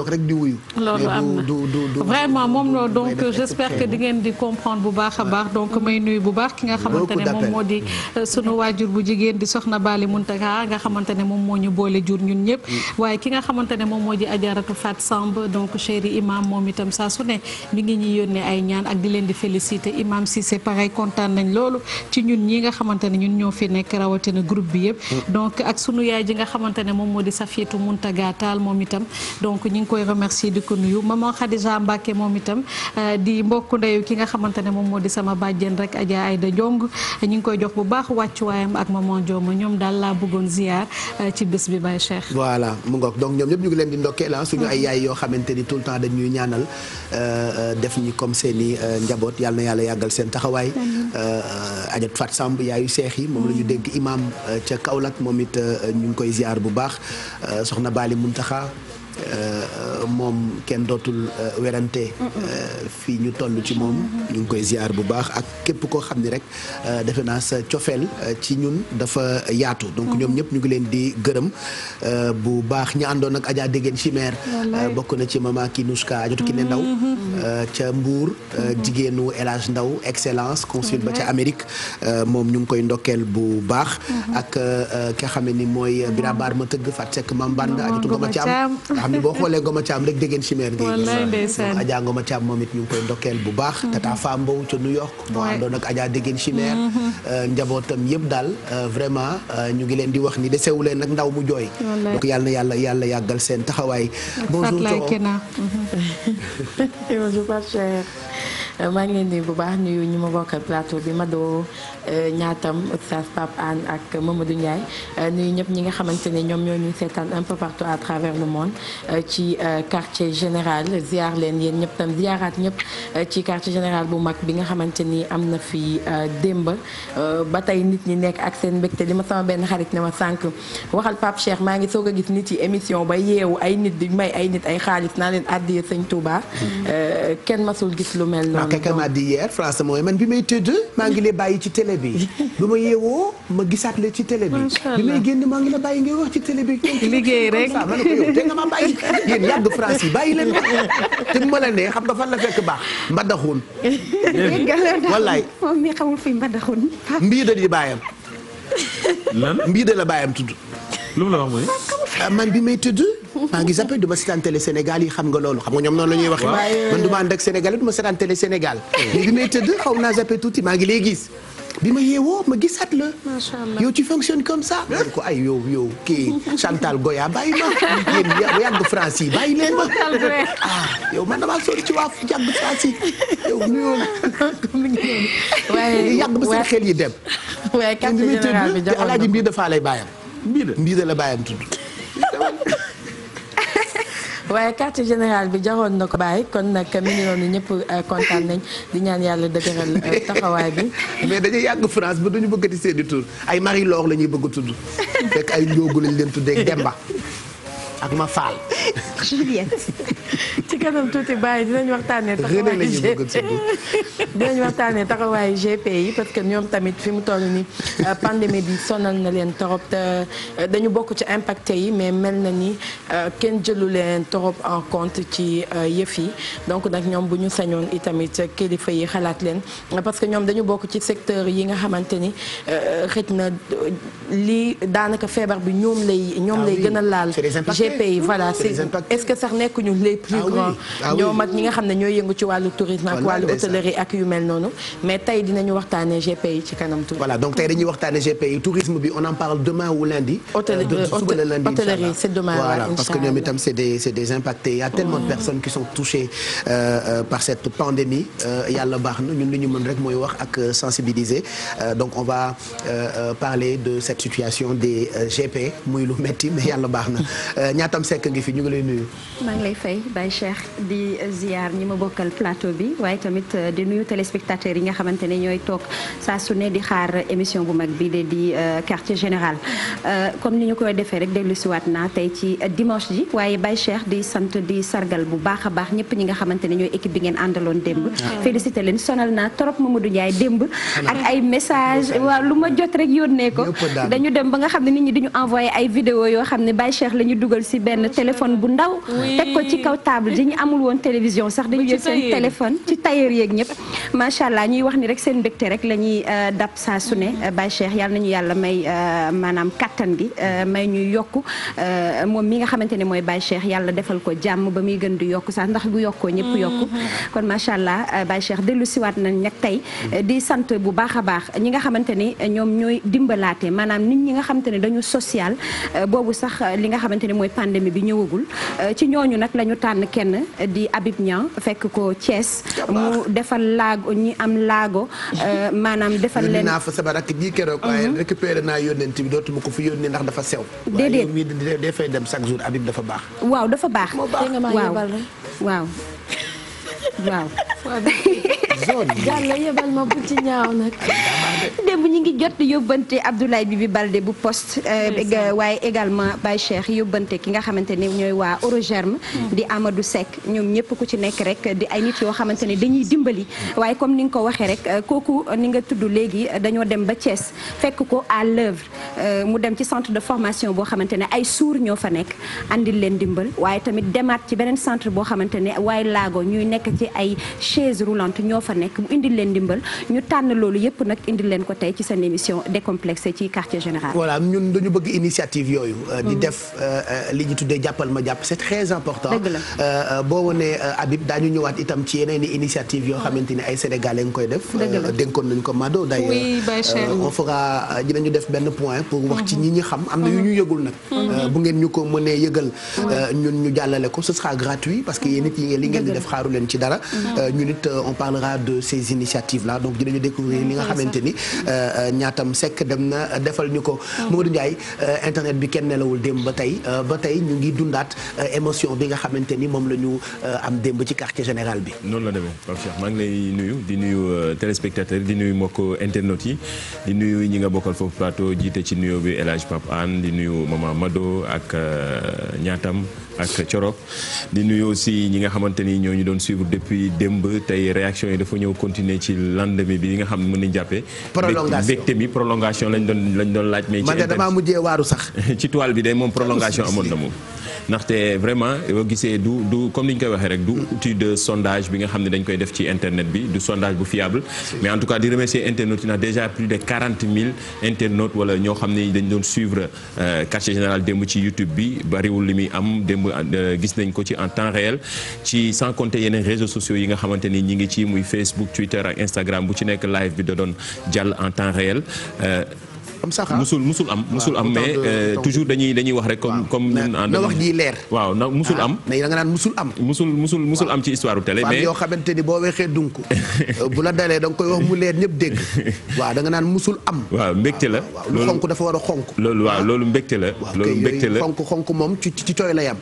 vraiment moom loolu donc j'espère que di ngeen di comprendre bu baax a baax donc may mm-hmm. nuyu bu baax ki nga xamante ne moom moo di mm-hmm. euh, sunu waajur bu jigéen di soxna Bali Muntaka nga xamante ne moom moo ñu boole jur ñun ñëpp waaye ki nga xamante ne moom moo di Ajaratu Fat Samb donc chéri imam moom itam saa su ne mi ngi ñi yónnee ay ñaan ak di leen di féliciter imam si c'est pareil kontaan nañ loolu ci ñun ñi nga xamante ne ñun ñoo fi nekk rawatina groupe bi yëpp donc ak sunu yaay ji nga xamante ne moom moo di Safiétou Mountaga Tall moom itam donc ñu koy remercier di ko nuyu maman Khadija Mbacke moom itam euh, di mbokk ndeyu ki nga xamante ne moom moo di sama bàjjen rek Adja Aïda Diong ñu ngi koy jox bu baax wàccuwaayam ak maman Dioma ñoom daal laa bëggoon ziar euh, ci bés bi bay Cheikh. voilà mu ngoog donc ñoom ñu ngi di ndokkeel la ah, suñu ay yaay yoo xamante ni tout le temps dañuy ñaanal euh, def ñi seen i njaboot yàlla na yàlla yàggal seen taxawaay. Adja Fat Samb yaayu seex moom la ñu dégg imam ca Kaolack moom it ñu koy ziar. ziar bu baax euh, soxna Bali Muntaxa Euh, moom kenn dootul euh, werante euh, fii ñu toll ci moom ñu ngi koy ziar bu baax ak képp koo xam ni rek defe naa sa cofeel ci ñun dafa yaatu donc ñoom ñëpp ñu ngi leen di gërëm bu baax ñi àndoon ak Adja Dégène Chimère bokk na ci mama Kinouska Ajotu ne Ndaw mm-hmm. ca Mbour mm-hmm. jigéenu El Hadj Ndaw excellence consul ba ca Amérique moom ñu ngi koy ndokkeel bu baax mm-hmm. ak ki nga xam ni mooy Birabar ma tëgg Fatou Seck Mamband Ajotu Ngoma Thiam xam ne boo xoolee Ngoma Thiam rek dégg ngeen chimère ngay gis Adja Ngoma Thiam moom it ñu ngi koy ndokkeel bu baax mm-hmm. Tata Fambow ca New York moo àndoon ak Adja dégg ngeen mm-hmm. euh, njabootam yëpp daal euh, vraiment euh, ñu ngi leen di wax ni desewu leen nag ndaw mu jooy yàlla na yàlla yàlla yàggal seen taxawaay bonjour mm-hmm. bonjour Pape Cheikh maa ngi leen di bu baax nuyu ñu ma bokkal plateau bi Mado ñaatam euh, Oustaz Pape Anne ak Mamadou Ndiaye euh, nuyu ñëpp ñi nga xamante ne ñoom ñoo ñuy seetaan un peu partout à travers le monde euh, ci quartier général ziar leen yéen ñëpp tam ziaraat ñëpp ci quartier général bu mag bi nga xamante ni am na fi démb ba tey nit ñi nekk ak seen mbégte li ma sama benn xarit ne ma sànq waxal Pape Cheikh maa ngi soog a gis nit yi émission ba yeewu ay nit di may ay nit ay xaalis naa leen àddiya sëñ Touba mm-hmm. kenn masul gis lu mel noonu. waaw kay bi bi ma yeewoo ma gisaat la ci télé bi bi may génn maa ngi la bàyyi ngay wax ci télé bi liggéey rek ma ne ko yow te nga ma bàyyi yéen yàgg France la xam nga fan la fekk baax mbadaxun wallaay moom mi xamul fi mbadaxun mbii da di bàyyam lan mbii da la bàyyam tudd la wax mooy ah, ah, man bi may tëdd maa ngi zappé du yi xam nga loolu xam nga ñoom noonu la ñuy waxee man du ma ànd Sénégal du ma seetaan télé Sénégal mais eh. bi may tëdd xaw naa zappé tuuti maa ngi lay gis bi ma yeewoo ma gisaat la. yow tu fonctionnes comme ça. ko ay yow yow kii Chantal Goya bàyyi ma yéen yàgg France yi ma. ah yow man damaa sori ci waa yàgg France yi yow nuyoo ba seen xel yi dem. waaye carte générale bi jamono bi Alaaji Mbiida Faalaye baayam. Mbiida Mbiida la baayam tudd. waaye quartier général bi jaroon na ko bàyyi kon nag mi ngi noonu ñëpp euh, kontaan nañ di ñaan yàlla dëgëral euh, taxawaay bi. mais dañuy yàgg France ba duñu bëggati seeni tur ay Marie Laure la bëgg a tudd fekk ay Ndiogu lañ leen tuddee Demba. ak ma faal. Juliette. ci kanam tuuti bàyyi dinañ waxtaanee. dinañ waxtaanee taxawaayu GP yi parce que ñoom tamit fi mu toll ni euh, pandémie bi sonal na leen trop te euh, dañu bokk ci impacte yi mais mel na ni euh, kenn jëlu leen trop en compte ci yëf yi donc nag ñoom bu ñu sañoon itamit kilifa yi xalaat leen parce que ñoom dañu bokk ci secteur yi nga xamante ni xëj na lii daanaka feebar bi ñoom lay ñoom ah lay gën a laal. des voilà c'est est-ce que sax nekkuñu les plus ah grands ah ñoo mag ñi nga xam ne ñooy yëngu ci wàllu tourisme ak wàllu hôtellerie ak yu mel noonu mais tey dinañu waxtaane GPI ci kanam tuuti voilà donc tey dañuy tourisme bi on en parle demain ou lundi hôtellerie euh, c'est demain voilà parce que ñoom itam c'est des c'est des impactés il y a tellement de personnes qui sont touchées euh, euh, par cette pandémie yàlla baax na ñun li ñu mën rek mooy wax ak sensibiliser donc on va parler de cette situation des GP muy lu metti mais yàlla baax na ñaatam sekk ngi fi ñu ngi lay nuyu. maa ngi lay fay Baye Cheikh di ziar ñi ma bokkal plateau bi waaye tamit euh, di nuyu téléspectateurs yi nga xamante ne ñooy toog saa su ne di xaar émission bu mag bi de di euh, quartier général. Euh, comme ni ñu koy defee rek dellusiwaat naa tey ci dimanche yi waaye Baye Cheikh di sant di sargal bu baax a baax ñëpp ñi nga xamante ne ñooy équipe bi ngeen àndaloon démb. Ah, félicité leen sonal naa trop Mamadou Ndiaye démb. ak ay message waaw lu ma jot rek yónnee ko. dañu dem ba nga xam si benn téléphone bu ndaw. teg ko ci kaw table ji ñu amul woon télévision sax dañu jël seen téléphone ci tailleur yéeg ñëpp. macha allah ñuy wax ni rek seen mbégte rek la ñuy euh, dab saa sune ne mm-hmm. euh, Baye yàlla nañu yàlla may euh, maanaam kattan gi may ñuy yokku moom mi nga xamante ne mooy Baye Cheikh yàlla defal ko jàmm ba muy gën di yokku sax ndax bu yokkoo ñëpp mm-hmm. yokku kon macha allah Baye dellu siwaat nañ nag tey mm-hmm. di sant bu baax a baax ñi nga xamante ni ñoom ñooy dimbalaate maanaam nit ñi nga xamante ne dañu social boobu sax li nga xamante ne mooy pandémie bi ñëwagul euh, ci ñooñu nag la ñu tànn kenn di Habib Niang fekk ko cees mu defal laago ñi am laago euh, maanaam defal leen naa fa sama rakk ji keroog waaye mhm. récupéré naa yónnent bi dootuma ko fi yónnee ndax dafa sew déedéet waaye yow mii dem chaque jour Habib dafa baax waaw dafa baax waaw waaw. zone Diallo yebal ma bu ci ñaaw nag. démb ñu ngi jot yóbbante Abdoulaye Bibi Baldé bu poste. Euh, waaye également Baye Cheikh yóbbante ki nga xamante ne ñooy waa Eurogerm. Hmm. di Amadou Seck ñoom ñëpp ku ci nekk rek di ay nit yoo xamante ne dañuy dimbali. Hmm. waaye comme ni nga ko waxee rek euh, kooku ni nga tudd léegi euh, dañoo dem ba Thiès fekk ko à l'œuvre mu dem ci centre de formation boo xamante ne ay suur ñoo fa nekk andil leen dimbal waaye tamit demaat ci beneen centre nekk ci ay chaise roulante ñoo fa nekk mu indil leen ndimbal ñu tànn loolu yëpp nag indil leen ko tey ci seen émission décomplexé ci quartier général. voilà euh, mm-hmm. euh, euh, li ñu tuddee ma jàpp c'est très important. dëgg la boo wonee Habib daañu ñëwaat itam ci yeneen i initiative yoo ah. xamante ni ay sénégalais nga koy def. dëgg la nañu ko Mado d'ailleurs. oui on fera dinañu def benn point pour wax ci mm-hmm. ñi ñi xam am na yu ñu mm-hmm. yëgul nag. bu ngeen ñu ko mënee yëgal. ñun ñu jàllale ko ce sera gratuit parce que yéen it ngeen li ngeen def xaaru ci dara. Mm-hmm. Euh, ñu nit euh, on parlera de ces initiatives là donc dinañu découvrir li nga mm-hmm. xamante ni ñaatam euh, sekk dem na defal ñu ko. Mamadou mm-hmm. Ndiaye internet bi kenn nelawul démb ba tey ba tey ñu ngi dundaat émotion bi nga xamante ni moom la ñu am démb ci quartier général bi. noonu la demee Pape Cheikh maa ngi lay nuyu di nuyu téléspectateur di nuyu mbokk internautes yi di nuyu ñi nga bokkal foofu plateau jiite ci nuyo bi El Hadj Pape di nuyu Mama Mado ak ñaatam ak Corok di nuyu aussi ñi nga xamante ni ñoo ñu doon suivre. depuis démb tey réaction yi dafa ñëw continuer ci lendemain bi nga xam mën nañu jàppee. prolongation mbégte bi prolongation lañ doon lañ doon laaj. mais ci man damaa mujjee waaru sax. ci toile bi de moom prolongation amoon na moom. ndaxte vraiment boo gisee du comme ni ñu koy waxee rek du outil de sondage bi nga xam ne dañ koy def ci internet bi du sondage bu fiable mais en tout cas di remercier internautes yi ndax déjà plus de 40 000 internautes wala ñoo xam ne dañ doon suivre euh, quartier général démb ci YouTube bi bariwul li muy am démb euh, gis nañ ko ci en temps réel réseaux sociaux yi nga xamante ni ñi ngi ci muy Facebook Twitter ak Instagram bu ci nekk live bi da doon jàll en temps réel. Euh, am sax musul musul am musul am mais euh, toujours dañuy dañuy wax rek comme comme na wax ji leer waaw na musul ah, am da nga naan musul am musul musul musul am ci histoire u yoo xamante ni boo weexee dunk euh, bu la dalee da koy wax mu leer ñëpp dégg waaw da nga naan musul am waaw mbégte la lu xonk dafa war a xonk loolu waaw ah. loolu mbégte la loolu mbégte la xonk xonk moom ci ci tooy la yam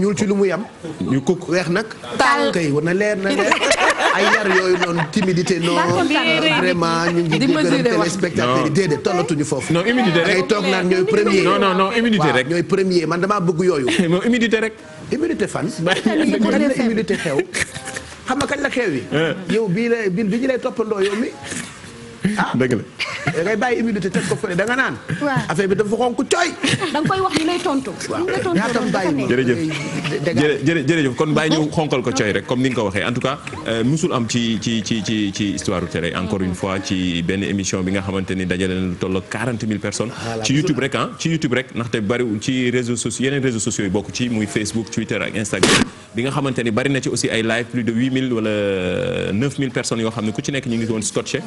ñuul ci lu mu yam ñu kukk weex nag taal kay war na leer na leer ay yar yooyu noonu timidité non vraiment ñu ngi gërëm téléspectateurs yi déedéet tollatuñu foofu. non humidité rek ngay toog naan ñooy premier. non non man damaa bëgg yooyu. non humidité rek. humidité fan. humidité xew xam nga kañ la xew yi. Euh. yow bii la bi ñu lay toppandoo yow ah dëgg la. da ngay bàyyi humidité teg ko fële da nga naan. waaw affaire bi dafa xonk cooy. da nga koy wax ñu lay tontu. waaw yaa kon bàyyi ñu xonkal ko cooy rek comme ni nga ko waxee en tout cas musul euh, am ci ci ci ci ci bi nga xamante ni dajale na lu toll 40 000 personnes. Ah, ci YouTube rek ah ci ndaxte bariwul ci réseaux sociaux yeneen réseaux sociaux yi bokk ci muy Facebook Twitter ak Instagram bi nga xamante ni bari na ci aussi ay live plus de 8000 wala euh, personnes yoo xam ne ku ci nekk ñu ngi doon scotché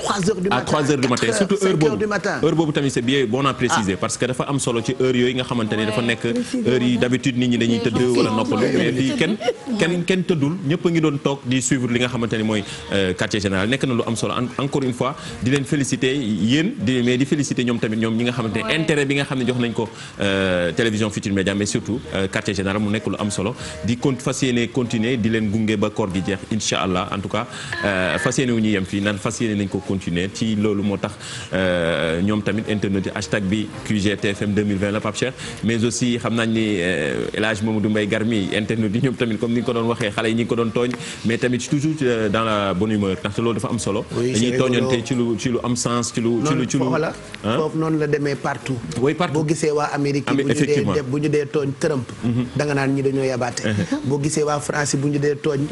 3 heures du matin à 3 heures du matin surtout heure boobu heure boobu tamit c'est bien bon à ah. préciser parce que dafa am solo ci heure yooyu nga xamante ne dafa nekk heure yi d'habitude nit ñi dañuy tëdd wala noppalu mais fii kenn kenn kenn tëddul ñëpp ngi doon toog di suivre li nga xamante ne mooy euh, quartier général nekk na lu am solo encore une fois di leen félicité yéen di mais di féliciter ñoom tamit ñoom ñi nga xamante ne intérêt bi nga xam ne jox nañ ko euh, télévision Futurs Médias mais surtout euh, quartier mu nekk lu am solo di con fas yéene continuer di leen gunge ba koor gi jeex incha allah en tout cas fas yéene wu ñu fii naan fas yéene nañ ko continuer ci loolu moo tax euh, ñoom tamit internet yi hashtag bi QGTFM 2020 la Pape Cheikh mais aussi xam naa ni euh, El Hadj Mamadou Mbaye Garmi internet yi ñoom tamit comme ni nga ko doon waxee xale yi ñi ngi ko doon tooñ mais tamit toujours euh, boo gisee waa Amérique bu ñu dee def bu ñu dee tooñ Trump. Mhm. danga naan ñi dañoo yabaate. Mhm. boo gisee waa France bu ñu dee tooñ.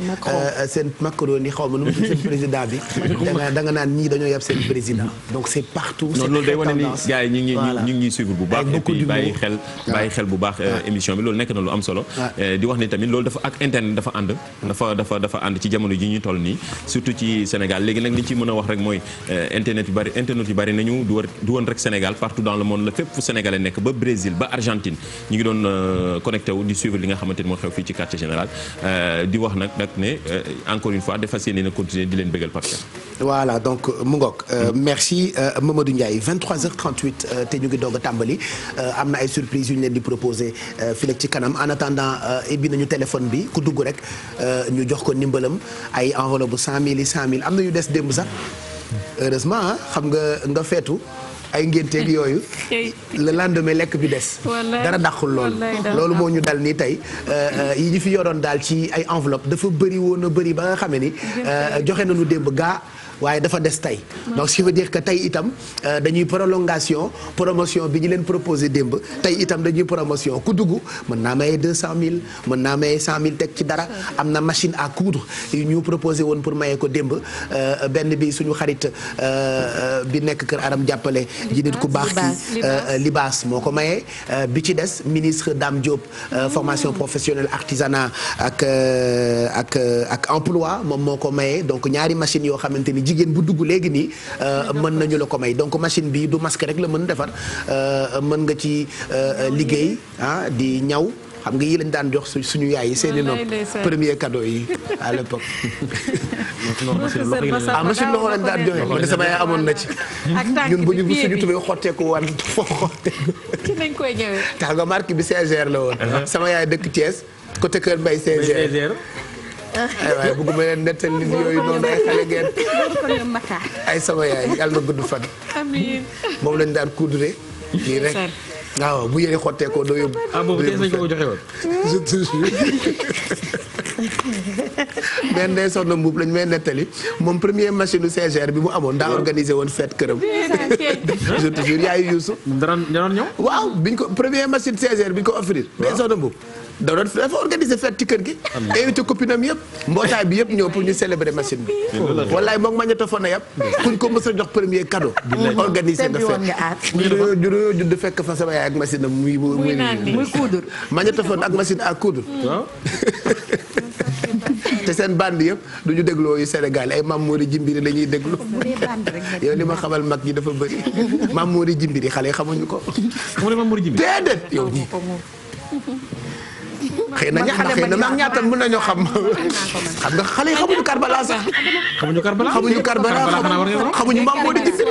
seen Macron xaw ma nu mu seen président bi. danga naan ñi yi dañoo yab seen président donc c'est partout. c'est loolu day wane ni gars yi ñu ngi ñu ngi suivre bu baax. et puis bàyyi xel bu baax euh, émission bi loolu nekk na lu am solo. Euh, di wax ni tamit loolu dafa ak internet dafa ànd. dafa dafa dafa ànd ci jamono ji ñu toll nii surtout ci Sénégal léegi nag li ci mën a wax rek mooy euh, internet yu bari internet bari nañu du war du woon rek Sénégal partout dans le monde la fépp fu Sénégalais nekk ba Brésil ba Argentine ñu ngi doon connecté wu di suivre li nga xamante ni moo xew fii ci quartier général di wax nag nag ne encore une fois dafa seen na continuer di leen bëggal Pape mu ngoog euh, mm. merci euh, Mamadou Ndiaye 23h38 euh, te ñu ngi doog a tàmbali am na ay surprise yu ñu leen di proposé fii ci kanam en attendant ibbi nañu téléphone bi ku dugg rek ñu jox ko ndimbalam ay enveloppe bu 100000 yi am na yu des démb sax heureusement ah, xam nga nga feetu. ay ngénteeg yooyu le lekk bi des dara dàqul loolu loolu moo ñu dal nii tey yi ñu fi yoroon daal ci ay enveloppe dafa bëri woon a ba nga xamee ni joxe nañu démb gaa waaye dafa des tey donc ce qui que tey itam euh, dañuy prolongation promotion bi ñu leen proposé démb tey itam dañuy promotion ku dugg mën naa maye deux cent mille mën naa maye cent mille teg ci dara am na machine à coudre yu ñu proposé woon pour maye ko démb euh, benn bi suñu xarit euh, bi nekk kër aram jàppale ji nit ku baax ki libaas moo ko maye bi ci des ministre Dame Diop formation professionnelle artisanat ak ak ak emploi moom moo ko mayee donc ñaari machine yoo xamante ni jigéen bu dugg léegi nii euh, mën nañu la ko may donc machine bii du masque rek la mën defar euh, mën nga ci euh, liggéey ah di ñaw xam nga yii lañ daan jox su suñu yaay yi ah, seeni nopp premier cadeau yi à l'époque ah machine loxo lañ daan joxe ma ne sama yaay amoon na ci ñun bu ñu bu suñu tubee xotteeku wan foo xotteeku ci tax nga marque bi CGR la woon sama yaay dëkk Thiès côté Kër mbay CGR ay eh, waay bëgguma leen nettal nit yooyu noonu ay xale ngeen ay sama yaay yàlla na gudd fan amiin moom lañ daan coudre kii rek ah, waaw bu yëre xottee ko doo yóbbu ah boobu kenn sañ joxe woon je te jure mais ndey lañ may nettali moom premier machine u bi mu amoon daa organisé woon fet këram je te jure yaayu Youssou dara dara ñëw waaw biñ ko premier machine CGR biñ ko offrir ndey sonn mbuub da doon dafa organisé fête ci kër gi. invité copine am yëpp. mbootaay bi yëpp ñëw pour ñu célébrer machine bi. wallaay moom magnétophone a yàpp. kuñ ko mës a jox premier cadeau. organisé nga fekk juróo juróo judd fekk fa sama yaay ak machine am muy muy muy coudre. magnétophone ak machine à coudre. Hmm. Ah. te seen band yëpp du ñu dégloo yu Sénégal ay Mamouri Jimbiri la ñuy déglu yow li ma xamal mag ñi dafa bëri Mamouri Jimbiri xale yi xamuñu ko. mu ne Mamouri Jimbiri déedéet yow xëy na ñax na xëy na nag ñaata mën nañoo xam xam nga xale yi xamuñu Karbala a xamuñu Karbala xamuñu maam moo di ci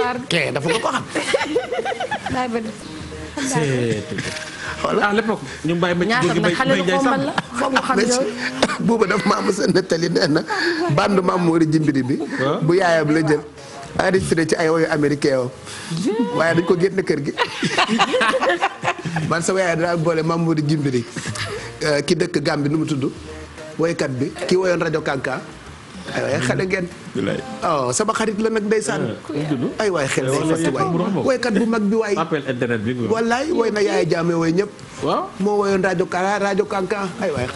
ñu bàyyi ma ci dégg Mbaye Ndiaye xam yow buuba daf maa a nettali na bande maam moo bi bu yaayam la jël. enregistré ci ay woyu américain waaye dañ ko génn kër gi man sama yaay daal boole Mamoudou Jimbiri euh, ki dëkk bi nu mu tudd woykat bi ki woyoon rajo Kanka ay waay xale ngeen. oh sama xarit la nag ndeysaan. Eh, ay waay xel day eh, fàttali waay woykat bu mag bi waay. appel bi wallaay woy na yaay jaame woy ñëpp. waaw moo woyoon rajo Kara rajo Kanka ay waay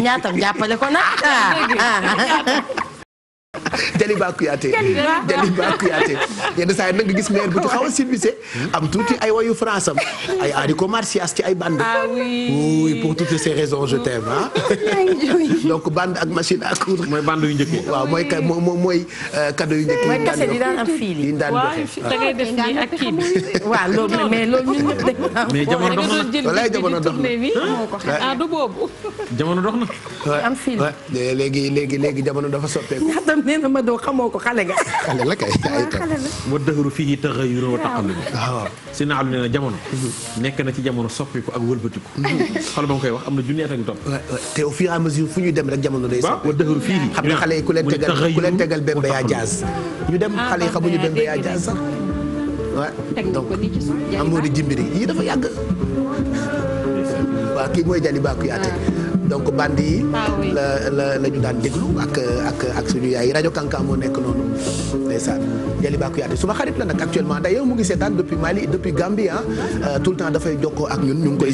ñaatam eh, jàppale ko nag. Ah, ah. Jaliba Kouyaté Jaliba Kouyaté yenn saa yi nag nga gis maire bu ci xaw a silbissé am tuuti ay wayu France am ay Enrico Macias ci ay bande ah oui pour toutes ces raisons je t'aime ah donc bande ak machine à coudre mooy bande yu njëkk waaw mooy ka moom mooy euh, cadeau yu njëkk mooy kase di daan am fii li daan joxe da ngay def nii ak kii bi waaw loolu mais loolu ñun ñëpp mais jamono dox na walaay jamono dox na ah du boobu jamono dox na am fii léegi léegi léegi jamono dafa soppeeku xamoo ko xale nga. xale la kay ay tam wa dëhru fii taxayyurun wa taqallub waaw si naalu nee na jamono. nekk na ci jamono soppiku ak wëlbatiku. xool ba nga koy wax am na junni at ak topp. te au fur et à mesure fu ñuy dem rek jamono day soppi. wa dëhru fii xam nga xale yi ku leen tegal ku leen tegal Bemba yaa jaas. ñu dem ah, xale yi ah, xamuñu ah, Bemba yaa jaas sax. waaw donc amoori jimbiri yii dafa yàgg. waaw kii mooy Jali Ba Kuyaate donc band yi. la la la ñu daan déglu ak suñu yaay rajo Kankan moo nekk noonu. ndeysaan Jaliba Kouyaté suma xarit la nag actuellement d'ailleurs mu ngi seetaan depuis Mali depuis Gambie ah euh, tout le temps dafay jokkoo ak ñun ñu ah,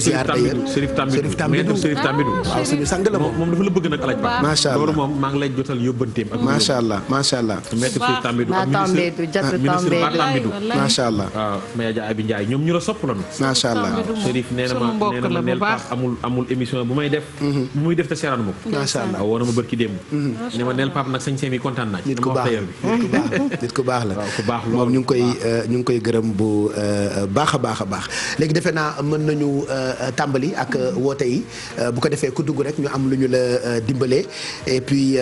sang la moom dafa la bëgg nag alaaj ba. macha allah loolu moom maa ngi lay jotal yóbbanteem ak. macha allah macha allah. maître Serif Tambidou ak ministre ah, Ba Tambidou allah. waaw ah, Maya Dia Abi Ndiaye ñoom ñu la sopp lañu. macha allah Serif ma nee bu muy def te seeraanu ma ma bërki démb. ne ma neel pap nag sañ seem yi kontaan naa ci. nit ku baax nit ku la waaw ku baax la moom euh, ñu ngi koy gërëm bu euh, baax a baax a baax. léegi defe naa mën nañu euh, tàmbali ak woote yi bu ko defee ku dugg rek ñu am lu ñu la dimbalee et puis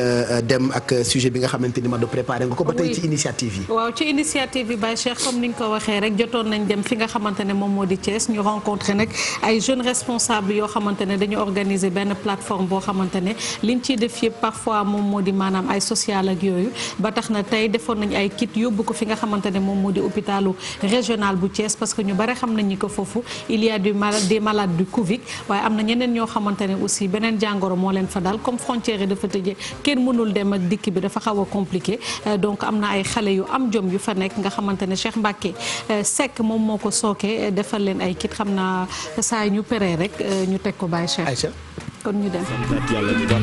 dem ak sujet bi nga xamante ni ma do préparé nga ko ba tey ci initiative yi. waaw ci initiative yi Baye Cheikh comme ni nga ko waxee rek jotoon nañ dem fi nga xamante ne moom moo di Thiès ñu rencontré nag ay jeunes responsables yoo xamante dañu organiser plateforme boo xamante ne liñ ciy def yëpp parfois moom moo di maanaam ay social ak yooyu ba tax na tey defoon nañ ay kit yóbbu ko fi nga xamante ne moom moo di hôpitalu régional bu Thiès parce que ñu bare xam nañ ni ko foofu il y a des malades des malades du Covid am na ñeneen ñoo xamante ne aussi beneen jàngoro moo leen fa dal comme frontière yi dafa tëjee kenn mënul dem ak dikk bi dafa xaw a compliqué euh, donc am na ay xale yu am jom yu fa nekk nga xamante ne Cheikh Mbacke euh, Seck moom moo ko sookee euh, defal leen ay kit xam naa saa ñu peree rek ñu teg ko bàyyi Cheikh. kon ñu dem santaat yàlla bu baax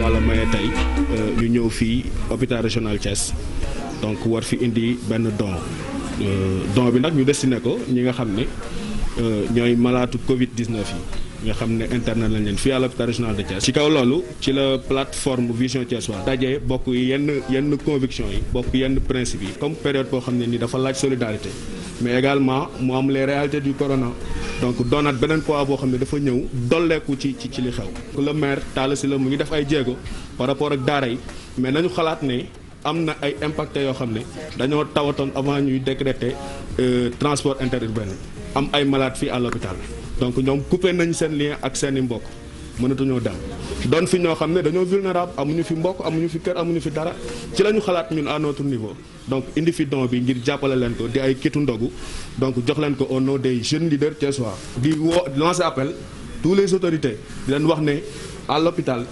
a baax maye tey euh, ñu ñëw fii hôpital régional Thiès donc war fi indi benn don euh, don bi nag ñu destiné ko ñi nga xam ne euh, ñooy malaatu Covid 19 yi. nga xam ne internet lañ leen fii à l'hôpital régional de Thiès ci kaw loolu ci la plateforme vision Thiès waa daje bokk yenn yenn conviction yi bokk yenn principe yi comme période boo xam ne ni dafa laaj solidarité mais également mu am les réalités du corona donc doonaat beneen pois boo xam ne dafa ñëw dolleeku ci ci ci li xew le maire Talla Sylla mu ngi def ay jéego par rapport ak daara yi mais nañu xalaat ne am na ay impacté yoo xam ne dañoo tawatoon avant ñuy décréter euh, transport interurbain am ay malades fii à donc ñoom coupé nañ seen lien ak seeni i mbokk mënatuñoo dem doon fi ñoo xam ne dañoo vulnérable amuñu fi mbokk amuñu fi kër amuñu fi dara ci la ñu xalaat ñun à notre niveau donc indi fi don bi ngir jàppale leen ko di ay kitu ndogu donc jox leen ko au nom des jeunes leaders thiessois di woo lancer appel tous les autorités di leen wax ne à l'hôpital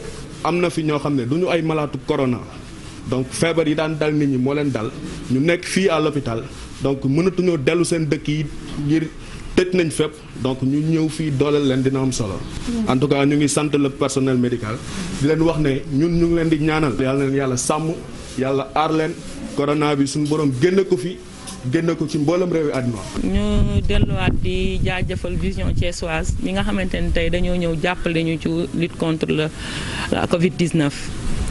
am na fi ñoo xam ne du ñu ay malaatu corona donc feebar yi daan dal nit ñi moo leen dal ñu nekk fii à l'hôpital donc mënatuñoo dellu seen dëkk yi ngir tëj nañ fépp donc ñu ñëw fii dooleel leen dina am solo. en tout cas ñu ngi sant la personnel médical. di leen wax ne ñun ñu ngi leen di ñaanal. yàlla leen yàlla sàmm yàlla aar leen corona bi suñu borom génn ko fii génn ko ci mboolem réewi àdduna. ñu delluwaat di jaajëfal vision thiessoise ñi nga xamante ne tey dañoo ñëw jàppale ñu ci lutte contre la Covid 19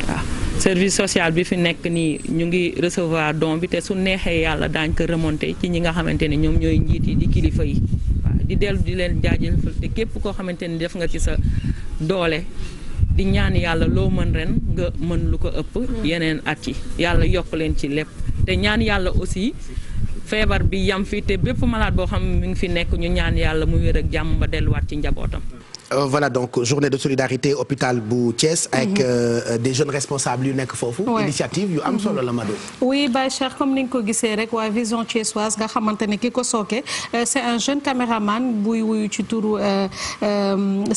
waaw. service social bi fi nekk nii ñu ngi recevoir don bi te su neexee yàlla daañ ko remonté ci ñi nga xamante ne ñoom ñooy njiit yi di kilifa yi waaw di dellu di leen jaajëfal te képp koo xamante ni def nga ci sa doole di ñaan yàlla loo mën ren nga mën lu ko ëpp yeneen at yi yàlla yokk leen ci lépp te ñaan yàlla aussi feebar bi yam fi te bépp malade boo xam mu ngi fi nekk ñu ñaan yàlla mu wér ak jàmm ba delluwaat ci njabootam Euh, voilà donc journée de solidarité hôpital bu Thiès. Mhm. avec euh, euh, des jeunes responsables yu nekk foofu. initiative yu am mhm. solo la ma doon. oui Baye comme ni nga ko gisee rek waa vision thiessoise nga xamante ne ki ko sooke c'est un jeune caméraman buy wuyu ci turu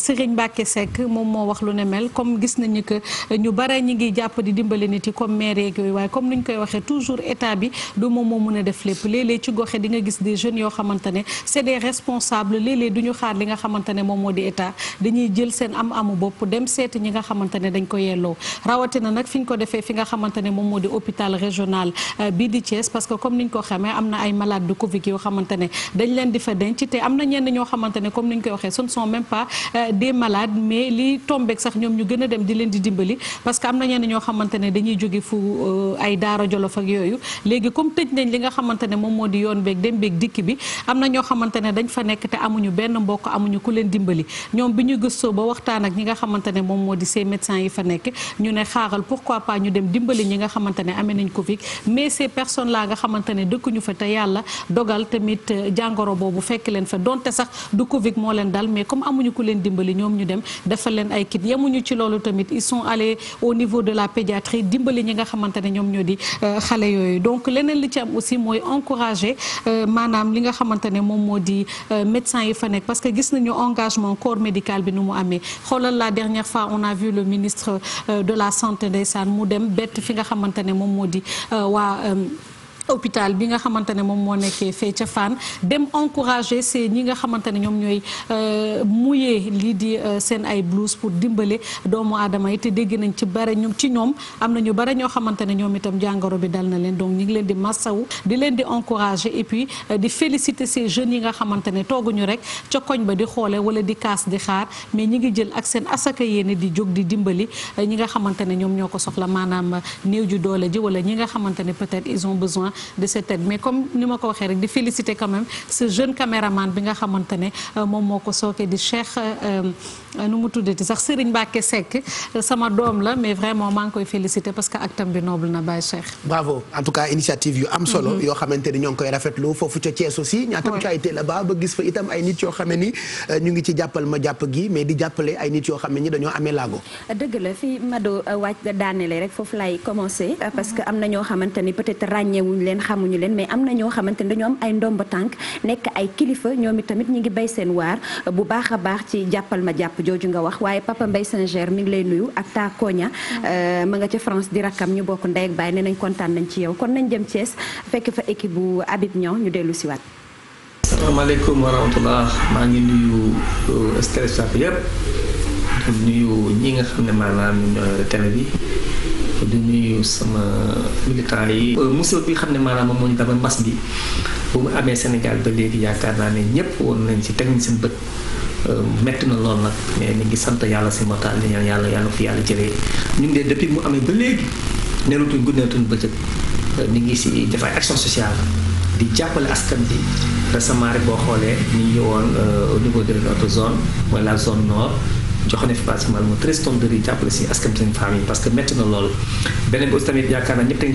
Serigne Mbacke Seck moom moo wax lu ne mel comme gis nañu que ñu bare ñi ngi jàpp di dimbali nit yi comme maire waaye comme ni ñu koy waxee toujours état bi du moom moo mën a def lépp léeg-léeg ci goxe di gis des jeunes yoo xamante ne c'est des responsables léeg du ñu xaar li nga xamante ne moom moo di état. dañuy jël seen am amu bopp dem seeti ñi nga xamante ne dañ ko yelloo rawatina nag fi ñu ko defee fi nga xamante ne moom moo di hôpital régional euh, bii di Thiès parce que comme ni niñ ko xamee am na ay malade du Covid yoo xamante ne dañ leen di fa denc te am na ñenn ñoo xamante ne comme niñ koy waxee ce ne sont même pas euh, des malades li tombeek sax ñoom ñu gën a dem di leen di dimbali parce que am na ñenn ñoo xamante ne dañuy jóge fu euh, ay daara jolof ak yooyu léegi comme tëj nañ li nga xamante ne moom moo di yoon beeg dem beeg dikk bi am na ñoo xamante ne dañ fa nekk te amuñu benn mbokk amuñu ku leen dimbali ñoom bi ñu gëstoo ba waxtaan ak ñi nga xamante ne moom moo di ces yi fa nekk ñu ne xaaral pourquoi pas ñu dem dimbali ñi nga xamante ne amee nañ Covid mais ces personnes là fa te yàlla dogal tamit euh, jàngoro boobu fekk leen de la pédiatrie dimbali ñi nga ne ñoo di euh, xale yooyu li ci am aussi mooy encourager euh, maanaam li nga ne moom moo di médecins yi fa nekk parce que gis nañu engagement corps médical médical bi nu mu amee xoolal la dernière fois on a vu le ministre euh, de la santé ndeysaan mu dem bett fi nga xamante ne moom moo di euh, waa euh, hôpital bi nga xamante ne moom moo nekkee fee ca Fann dem encourager ñi nga xamante ne ñoom ñooy euh, muyee lii di euh, seen ay blouse pour dimbale doomu aadama yi te dégg nañ ci bare ñoom ci ñoom am na ñu ñoo xamante ne ñoom itam jàngoro bi dal na leen donc ñu ngi leen di massawu di leen di encourager euh, di féliciter ces jeunes yi nga xamante ne tooguñu rek ca koñ ba di xoole wala di kaas di xaar mais ñi ngi jël ak seen asaka yéene di jóg di dimbali ñi nga xamante ne ñoom ñoo ko soxla maanaam néew ju doole ji wala ñi nga xamante ne peut-être ils ont besoin de cette aide mais comme ni ma ko waxee rek di féliciter quand même ce jeune caméraman bi nga xamante ne euh, moom moo ko sookee di Cheikh euh, nu mu tuddati sax Serigne Mbacke Seck sama doom la mais vraiment maa ngi koy féliciter parce que tam bi noble na Baye Cheikh. bravo en tout cas initiative yu am solo. Mm-hmm. yoo xamante ñoo ngi koy rafetlu foofu ca Thiès a ba ba gis ay nit yoo xam ne ni euh, ñu ngi ci jàppal ma jàpp gi mais di jàppale ay nit yoo xam ne ni dañoo amee laago. dëgg la fii Mado euh, waaj daanelee rek foofu laay commencer. Euh, parce que am na ñoo xamante ni peut-être ràññewuñu leen xamuñu leen mais am na ñoo xamante ni dañoo am ay ndomba tànk nekk ay kilifa ñoom itamit ñu ngi bay seen waar bu baax a baax ci jàppal ma jàpp jooju nga wax waaye Papa Mbaye Sanger mi ngi lay nuyu ak ta koña euh, ma nga ca France di rakkam ñu bokk ndey ak baay nee nañ kontaan nañ ci yow kon nañ jëm Thiès fekk fa équipe bu Habib Niang ñu dellu siwaat asalaamaaleykum wa rahmatullah maa ngi nuyu euh, téléspectateurs yépp di nuyu ñi bi di nuyu sama militant yi. Euh, musiba bi xam ne maanaam moom moo ñu dama mbas bi bu mu amee Sénégal ba léegi yaakaar naa ne ñëpp woon nañ ci teg nañ seen bët. metti na lool nag mais ñu ngi sant yàlla si motaal di yàlla yàlla fi yàlla jëlee ñu ngi dee depuis mu amee ba léegi nelawtuñ guddeetuñ bëccëg ni ngi si def ay action sociale di jàppale askan bi récemment rek boo xoolee ñu ngi woon euh, au niveau de notre zone mooy la zone nord jox na fi pratiquement mu treize tonnes de jàppale si askan bi seen famille parce que métti na lool beneen bi aussi tamit yaakaar naa ñëpp dañ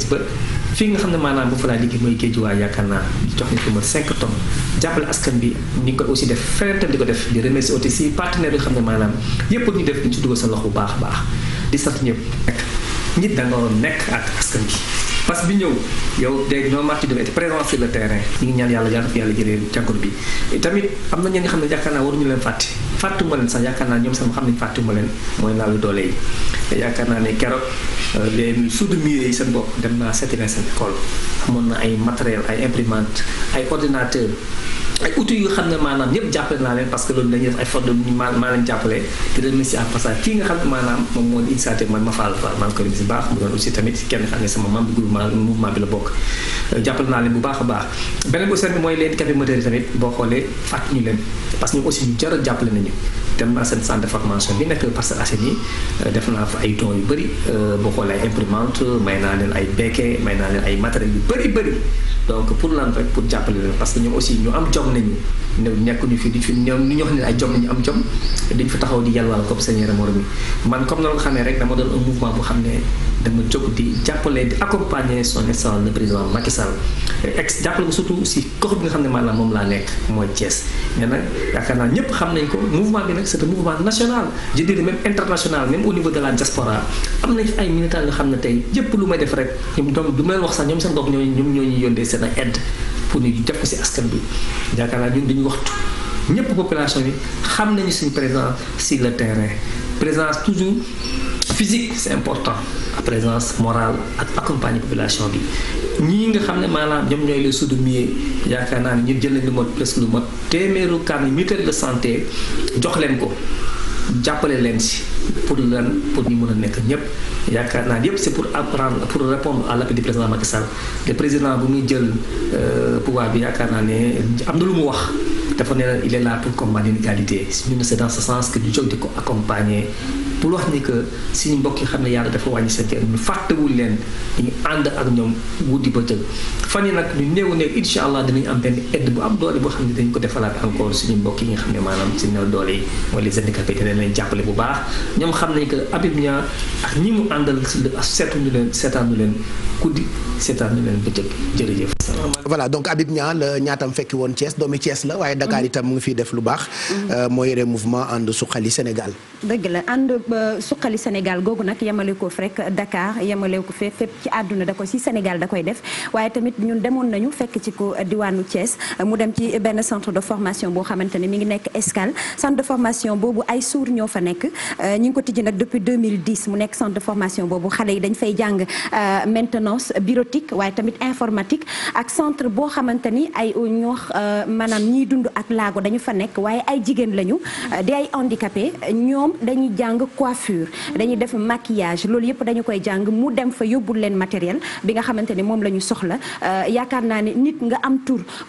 fii nga xam ne maanaam bu fa laa liggéey mooy géejuwaay yaakaar naa jox nañ ko ma 5 tonnes jàppale askan bi ni ko aussi def feneen tam di ko def di remercier aussi si yi yoo xam ne maanaam yépp ñu def ñu ci dugal sa loxo bu baax a baax di sant ñëpp nekk nit da nga waroon nekk ak askan bi parce que bi ñëw yow day ñoo marti devait être présent sur le terrain ñu ngi ñaan yàlla yàlla fi yàlla jëlee bi tamit am na ñeen nga xam ne yaakaar naa waruñu leen fàtte fàttuma leen sax yaakaar naa ñoom sama xam ne fàttuma leen mooy naaw yu doole yi te yaakaar naa ne keroog leen suudu muré yi seen bopp dem naa seeti leen seen école amoon na ay matériel ay imprimante ay ordinateur ay outils yu xam ne maanaam ñëpp jàppale naa leen parce que loolu dañuy def ay fodde maa leen jàppale te remercier en passant kii nga xam ne maanaam moom moo initiative ma faal faal maa koy remercier baax mu doon aussi tamit kenn xam ne sama membre groupement mouvement bi la bokk jàppale naa leen bu baax a baax beneen bu seen mooy leen handicapés moteurs yi tamit boo xoolee fàtt ñu leen parce que aussi ñu jar a jàppale nañu te seen centre de formation bi nekk Parcelles Assainies euh, def naa fa ay dons yu bëri euh, boo xoolee ay imprimante may naa leen ay béquet may naa leen ay matériels yu bëri bëri donc pour lan que ñoom aussi ñu am di fi ñoom ñu wax ne ay jom nañu am jom dañ nga xam ne rek dama doon un mouvement bu xam moom laa nekk mooy Thiès mais nag yaakaar naa ñëpp xam nañ ko mouvement bi nag c'est un mouvement national je dirais même international même au niveau de la diaspora am nañ ay militants yoo xam ne tey yëpp lu may def rek du ma leen wax sax ñoom seen bopp ñoo ñoom ñoo ñu yónnee seen aide pour ñu def ko ci askan bi yaakaar naa ñun duñu waxtu ñëpp population bi xam nañu suñu présence sur le terrain présence toujours physique c'est important à présence morale ak accompagner population bi ñii nga xam ne maanaam ñoom ñooy les soudemiers yaakaar naa ne ñu jël lu mot presque lu mot téeméeru carnet mutuelle de santé jox leen ko jàppale leen si pour lan pour ñu mën a nekk ñëpp yaakaar naa yépp c'est pour apprendre pour répondre à l'appel du président Macky Sall président bu muy jël euh, pouvoir bi yaakaar naa ne am na lu mu wax dafa ne il est là pour combattre l'inégalité ñun c'est dans ce sens que ñu jóg di ko accompagner pour wax ni que suñu mbokk yi xam ne yàlla dafa wàññi leen ñu ak ñoom guddi ba tëg fan yi nag ñu néew néew incha allah dinañ am benn aide bu am doole boo xam ne dañ ko defalaat encore suñu mbokk yi nga xam ne maanaam si néew doole yi mooy les handicapés dinañ leen jàppale bu baax ñoom xam nañ que Habib Niang ñi mu àndal seetuñu leen seetaanu leen guddi seetaanu leen bëccëg jërëjëf voilà donc Habib Niang la ñaatam fekki woon Thiès doomi Thiès la waaye Dakar mm-hmm. itam mu ngi fiy def lu baax mm-hmm. euh, moo yore mouvement ànd suqali Sénégal dëgg la ànd ba suqali Sénégal googu nag yemale ko rek Dakar yemale ko fépp ci àdduna da ko si Sénégal da koy def waaye tamit ñun demoon nañu fekk ci ko diwaanu cees mu dem ci benn centre de formation boo xamante ne mi ngi nekk Escale centre de formation boobu ay suur ñoo fa nekk euh, ñi ngi ko tijji nag depuis 2010 mu nekk centre de formation boobu xale yi dañ fay jàng euh, maintenance bureautique waaye tamit informatique ak centre boo xamante ni ay ñoo euh, maanaam ñiy dund ak laago dañu fa nekk waaye ay jigéen lañu de ay handicapé ñoom dañuy jàng coiffure dañuy def maquillage loolu yëpp dañu koy jàng mu dem fa yóbbul leen matériel bi nga xamante ne moom la ñu soxla euh, yaakaar naa ne nit nga am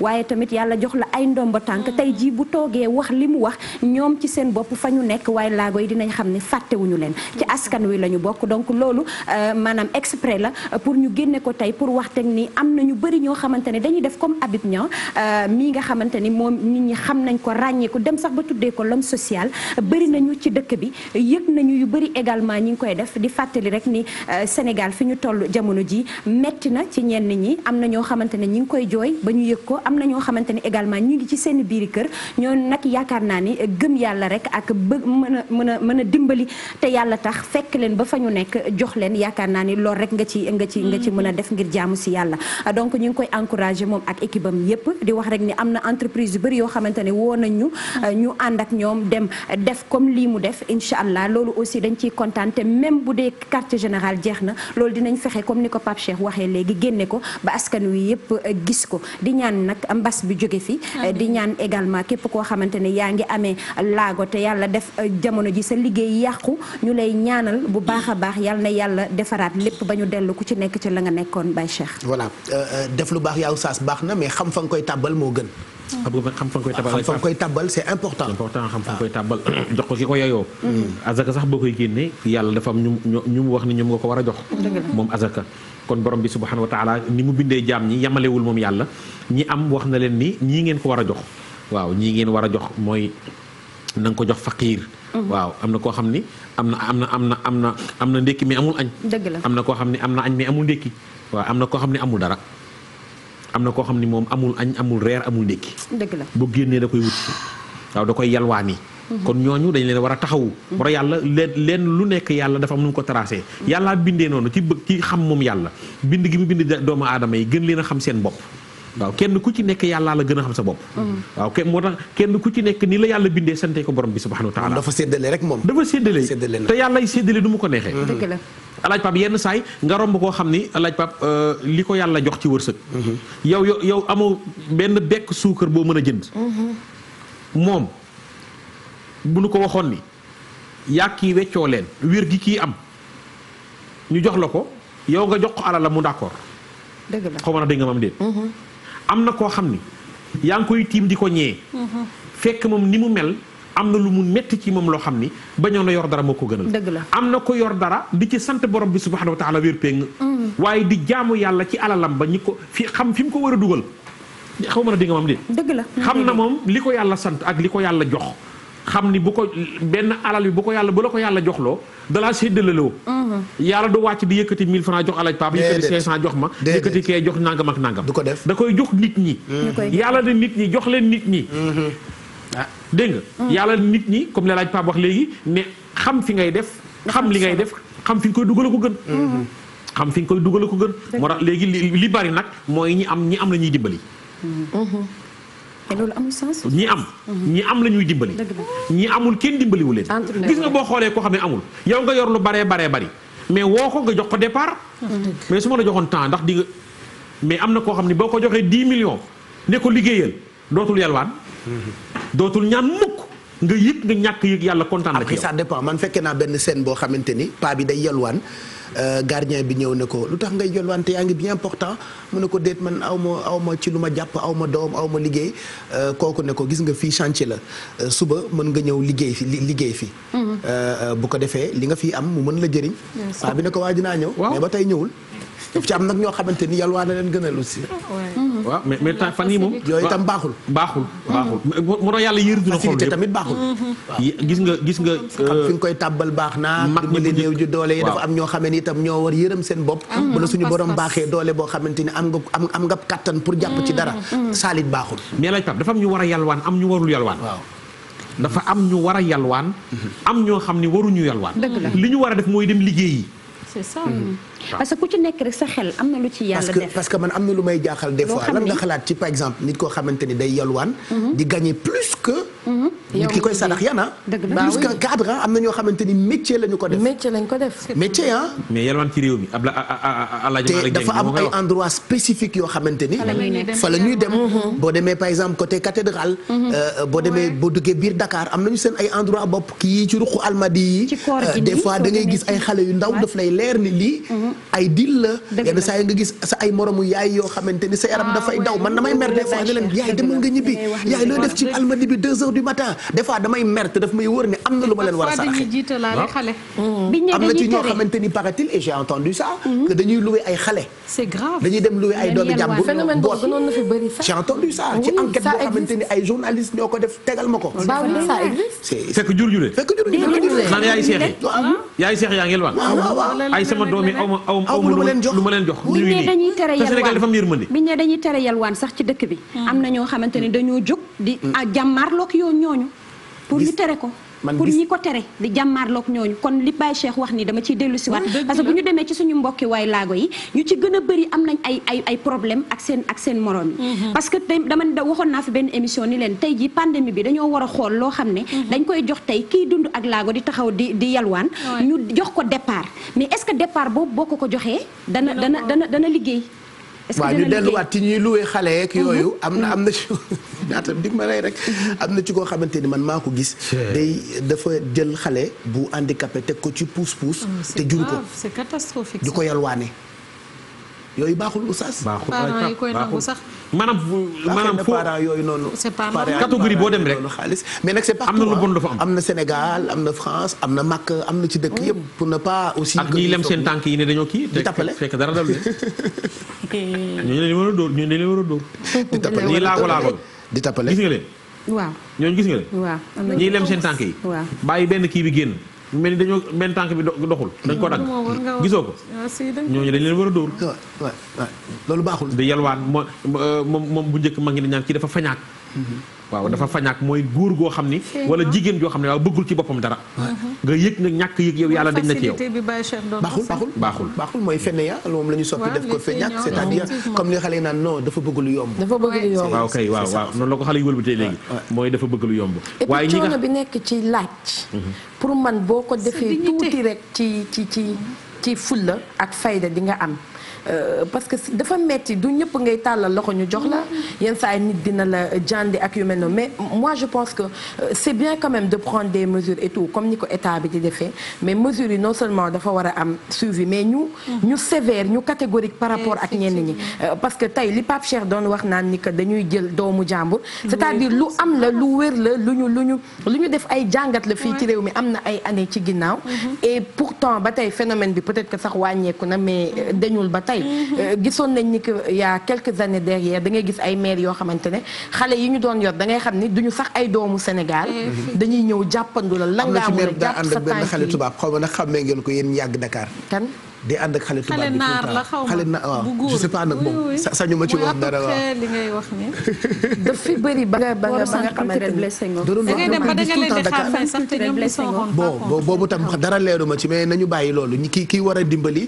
waaye tamit yàlla jox la ay ndomba tànk mm. tey jii bu toogee wax li mu wax ñoom ci seen bopp fa ñu nekk waaye laago yi dinañ xam ne fàttewuñu leen ci askan wi la bokk donc loolu euh, maanaam exprès la pour ñu génne ko tey pour wax teg ni am na ñu bëri ñoo xamante ne dañuy def comme Habib Niang euh, mii nga xamante ni moom nit ñi xam nañ ko ràññee dem sax ba tuddee ko l'homme social bëri nañu ci dëkk bi yëg nañu yu bëri également ñi ngi koy def di fàttali rek ni euh, Sénégal fi ñu toll jamono ji metti na ci ñenn ñi am na ñoo xamante ne ñi ngi koy jooy ba ñu yëg ko am na ñoo xamante ne également ñu ngi ci seen biiri kër ñoo nag yaakaar naa ni gëm yàlla rek ak bëgg mën mën a mën a dimbali te yàlla tax fekk leen ba fa ñu nekk jox leen yaakaar naa ni loolu rek nga ci nga ci nga ci mën a mm-hmm. def ngir jàmm si yàlla donc ñu ngi koy encouragé moom ak équipe am yëpp di wax rek ni am na entreprise yu bëri yoo xamante ne woo nañ ñu mm-hmm. euh, ñu ànd ak ñoom dem def comme lii mu def incha allah loolu aussi dañ ciy kontaan te même bu dee quartier général jeex na loolu dinañ fexe comme ni ko Pape Cheikh waxee léegi génne ko ba askan wi yëpp euh, gis ko di ñaan nag mbas bi jóge fi euh, di ñaan également képp koo xamante ne yaa ngi amee laago te yàlla def euh, jamono ji sa liggéey yàqu ñu lay ñaanal bu baax a baax yàlla na yàlla defaraat lépp ba ñu dellu ku ci nekk ci la nga nekkoon Baye Cheikh voilà def lu baax yaa oustaz baax na mais xam fa nga koy tàbbal moo gën xam ah, nga xam fan koy tabal ah, koy tabal c'est important. important xam fan ah. koy tabal jox ko ki ko yeyoo. Mm. azaka sax boo koy génnee yàlla dafa am ñu ñu mu wax ni ñoom nga ko war a jox. moom azaka. kon borom bi subhanahu wa taala ni mu bindee jaam ñi yamalewul moom yàlla ñi am wax na leen ni ñii ngeen ko war a jox waaw ñii ngeen war a jox mooy na ko jox faqiir mm-hmm. waaw am na koo xam ni am na am na am na am na am na ndékki mais amul añ. dëgg am na koo xam ni am na añ mais amul ndékki waaw am na koo xam ni amul dara. am na koo xam ni moom amul añ amul reer amul ndékki dëgg la bu génnee da koy wut waaw da koy yalwaani mhm. kon ñooñu dañ leen war a taxawu mhm. war yàlla leen leen lu nekk yàlla dafa am nu mu ko tracé mhm. yàllaa bindee noonu ci bëgg ci xam moom yàlla bind gi mu bind doomu aadama yi gën leen a xam seen bopp waaw kenn ku ci nekk yàllaa la gën a xam sa bopp waaw kenn moo kenn ku ci nekk ni la yàlla bindee sante ko borom bi subhanahu wa taala dafa séddale rek moom dafa séddale te yàllay séddale du mu ko neexee alaaj pap yenn saay nga romb koo xam ni alaaj pap euh, li ko yàlla jox ci wërsëg. Mm-hmm. yow yow yow amoo benn bekk suukar boo mën a jënd. Mm-hmm. moom bu nu ko waxoon ni yaa kii weccoo leen wér gi kii am ñu jox la ko yow nga jox ko alal la mu d'accord. dëgg la ma na dégg mm-hmm. am na koo xam ni yaa ngi koy tiim di ko ñee. fekk moom ni mu mel. am na lu mu metti ci moom loo xam ni bañoon na yor dara moo ko gënal. dëgg la am na ko yor dara di ci sant borom bi subhaanahu wa taala wér mm. waaye di jaamu yàlla ci alalam ba ñi ko fi xam fi mu ko war a dugal. xaw ma di nga moom de. dëgg la mm. xam na moom li ko yàlla sant ak li ko yàlla jox. xam ni bu ko benn alal bi bu ko yàlla bu la ko yàlla joxloo dalaa séddaleloo mm-hmm. yàlla du wàcc di yëkkati 1000 francs jox alaj papa yëkkati 500 jox ma yëkkati kee jox nangam ak nangam du ko def da koy jox nit ñi mm-hmm. yàlla de nit ñi jox leen nit ñi mm-hmm. ah dégg nga. Mm. yàlla nit ñi comme la laaj Pape wax léegi mais xam fi ngay def. xam li ngay def xam fi nga koy dugal ko gën. Mm-hmm. xam fi nga koy dugal ko gën. moo tax léegi li bari nag mooy ñi am ñi am la ñuy dimbali. te mm-hmm. mm-hmm. loolu amul sens. ñi am. ñi am la ñuy dimbali. ñi amul kenn dimbaliwu leen. gis nga boo xoolee koo xam ne amul. yow nga yor lu baree baree bari mais woo ko nga jox ko départ. mais su ma la joxoon temps ndax di nga. mais am na koo xam ne boo ko joxee 10 millions ne ko liggéeyal dootul yalwaan. dootul ñaan mukk nga yëg nga ñàkk yëg yàlla kontaan na ci man fekkee naa benn scène boo xamante ni paa bi day yalwaan euh, gardien bi ñëw ne ko lu tax ngay yalwaan te yaa ngi bien important mu ne ko déet man aw ma aw ma ci lu ma jàpp aw ma doom aw ma liggéey euh, kooku ne ko gis nga fii chantier la euh, suba mën nga ñëw liggéey fi liggéey fi mhm. bu ko defee li nga fi am mu mën la jëriñ. paa bi ne ko waa dinaa ñëw. mais ba tey ñëwul. daf ci am nag ñoo xamante ni yalwaan a leen gënal waaw mais mais temps fan yi moom. yooyu itam baaxul. baaxul moo tax yàlla yër dina xool facilité tamit baaxul. gis nga gis nga. xam euh, fi nga koy tàbbal baax naa. mag dimbali néew ju doole yi dafa am ñoo xamee ni itam ñoo war yërëm seen bopp. bu la suñu borom baaxee doole boo xamante ni am nga am nga kattan jàpp ci dara. Mm, mm, mm. saalit baaxul. mais laaj Pape dafa am ñu war a yalwaan am ñu warul yalwaan. dafa am ñu war a yalwaan. Mm-hmm. am ñoo xam ni waruñu yalwaan. li ñu war a def mooy dem liggéey yi. c'est parce que ku ci nekk sa xel am na lu ci yàlla def parce man am na lu may jaaxal des fois lan nga xalaat ci par exemple nit koo xamante ni day yalwaan mhm. di gagner plus que mhm. nit ki koy sarax yana plus que cadre am na ñoo xamante ni métier lañu ko def métier lañ ko def métier ah mais yalwaan la te dafa am ay endroit spécifique yoo xamante ni fa la ñuy dem mhm. boo demee par exemple côté cathédrale euh, euh, boo demee boo duggee biir dakaar am na ñu seen ay endroit bopp kii ci ruqu almadi yi euh, des fois da ngay gis ay xale yu ndaw daf lay leer ni lii moom ay dil la. yenn saa yi nga gis sa ay moromu yaay yoo xamante sa yaram ah, dafay daw man damay mer des fois nga ñibbi yaay loo def ci almadi bi deux heures du matin des damay mer te daf may wër ne am na lu ma leen war a saraxe ah. hmm. am na ci ñoo xamante ni paratil et j'ai entendu ça hmm. que dañuy louer ay xale dañuy dem louer ay doomi jàmbur boot j'ai entendu ça ci enquête boo xamante ay journalistes ñoo ko def tegal ma ko aw aw ma lu ma leen jox buñ ne dañuy tere yalwaan Sénégal dafa am yërmande biñ ne dañuy tere yalwaan sax ci dëkk bi hmm. am na ñoo xamante ne dañoo jóg di hmm. ah, jàmmaarloog yoo ñooñu pour ñu tere ko pour ñi ko tere di jàmmaarloog ñooñu kon li Baye Cheikh wax ni dama ciy dellu si waat parce que bu ñu demee ci suñu mbokki waay laago yi ñu ci gën a bëri am nañ ay ay ay ak seen ak seen moroom yi mhm. parce que dama da waxoon naa fi benn émission ni leen tey ji pandémie bi dañoo war a xool loo xam ne mhm. dañ koy jox tey kii dund ak laago di taxaw di di yalwaan ñu jox ko départ mais est-ce que départ boobu boo ko ko joxee dana dana dana dana liggéey est ñu delluwaat ci ñuy loué xale mhm. yooyu. am na mhm. am na ci ñaata dig ma rek. Mhm. am na ci koo xamante ni man maa ko gis. day dafa jël xale bu handicapé teg ko ci pousse pousse. Oh, te jur ko c'est catastrophique di ko yalwaane. yooyu baaxul oustaz. baaxul parents yi koy nangu sax. maanaam maanaam foo yooyu noonu. c'est pas boo dem rek. xaalis mais nag c'est pas am na lu bon dafa am. am na Sénégal am na France am na Makka am na ci dëkk oh. yëpp. pour na pas aussi. ak ñiy lem seen tànk yi ne dañoo kii. di tapale fekk dara dalu leen. ñu ne leen war a dóor ñu ne leen war a dóor. di tapale ñii laago laago di tapale gis nga leen. waaw ñooñu gis nga leen. waaw am na ñuy lem seen tànk yi. waaw bàyyi benn kii bi génn. ñu mel ni dañoo benn tànk bi doxul. dañ ko dagg gisoo ah, ko. ñooñu dañ leen war a dóor. loolu baaxul. di yalwaan moom moom bu njëkk ma ngi ne ñaan kii dafa fañaak mm-hmm. waaw dafa fañaak mooy góor goo xam ni wala jigéen joo xam ne waaw bëggul ci boppam dara mm-hmm. nga yëg nag ñàkk yëg yow yàlla dañ na ci yow baaxul baaxul baaxul baaxul mooy fene ya moom la ñu soppi def ko feñaak c'est-à-dire comme li xale yi naan non dafa bëgg lu yomb dafa bëgg lu yomb waaw kay waaw waaw noonu la ko xale yi wëlbatee léegi mooy dafa bëgg lu yomb waaye ñi nga bi nekk ci laaj mm-hmm. pour man boo ko defee tuuti rek ci ci ci ci fulla ak fayda di nga am Euh, parce que dafa metti du ñëpp ngay tàllal loxo ñu jox la mm-hmm. yenn saa nit dina la jàndi ak yu mel noonu mais moi je pense que euh, c'est bien quand même de prendre des mesures et tout comme ni ko état bi di defee mais mesures yi non seulement dafa war a am suivi mais ñu mm-hmm. ñu sévère ñu catégorique par rapport ak ñenn ñi euh, parce que tey li Pape Cheikh doon wax naan ni que dañuy jël doomu jàmbur c'est-à-dire lu am la lu wér la lu ñu lu ñu lu ñu def ay jàngat la fii ci réew mi am na ay années ci ginnaaw mm-hmm. et ba tey phénomène bi peut-être que sax wàññeeku na mais dañul tey euh, gisoon nañ ni que euh, y a quelques années derrière da ngay gis ay maire yoo xamante ne xale yi ñu doon yor da ngay xam ni duñu sax ay doomu Sénégal mm-hmm. dañuy ñëw jàppandu la langaamu la jàpp sa tànk yi am na ci maire daa ànd ak benn xale tubaab xaw ma nag xàmmee ngeen ko yéen yàgg Dakar day ànd ak xale tubaab bi naar la xaw ma na waaw je sais pas nag moom ma ci wax dara waaw li ba nga ba nga xamante ne blessé nga doon da boobu tam dara leeru ma ci mais nañu bàyyi loolu ñi kii war a dimbali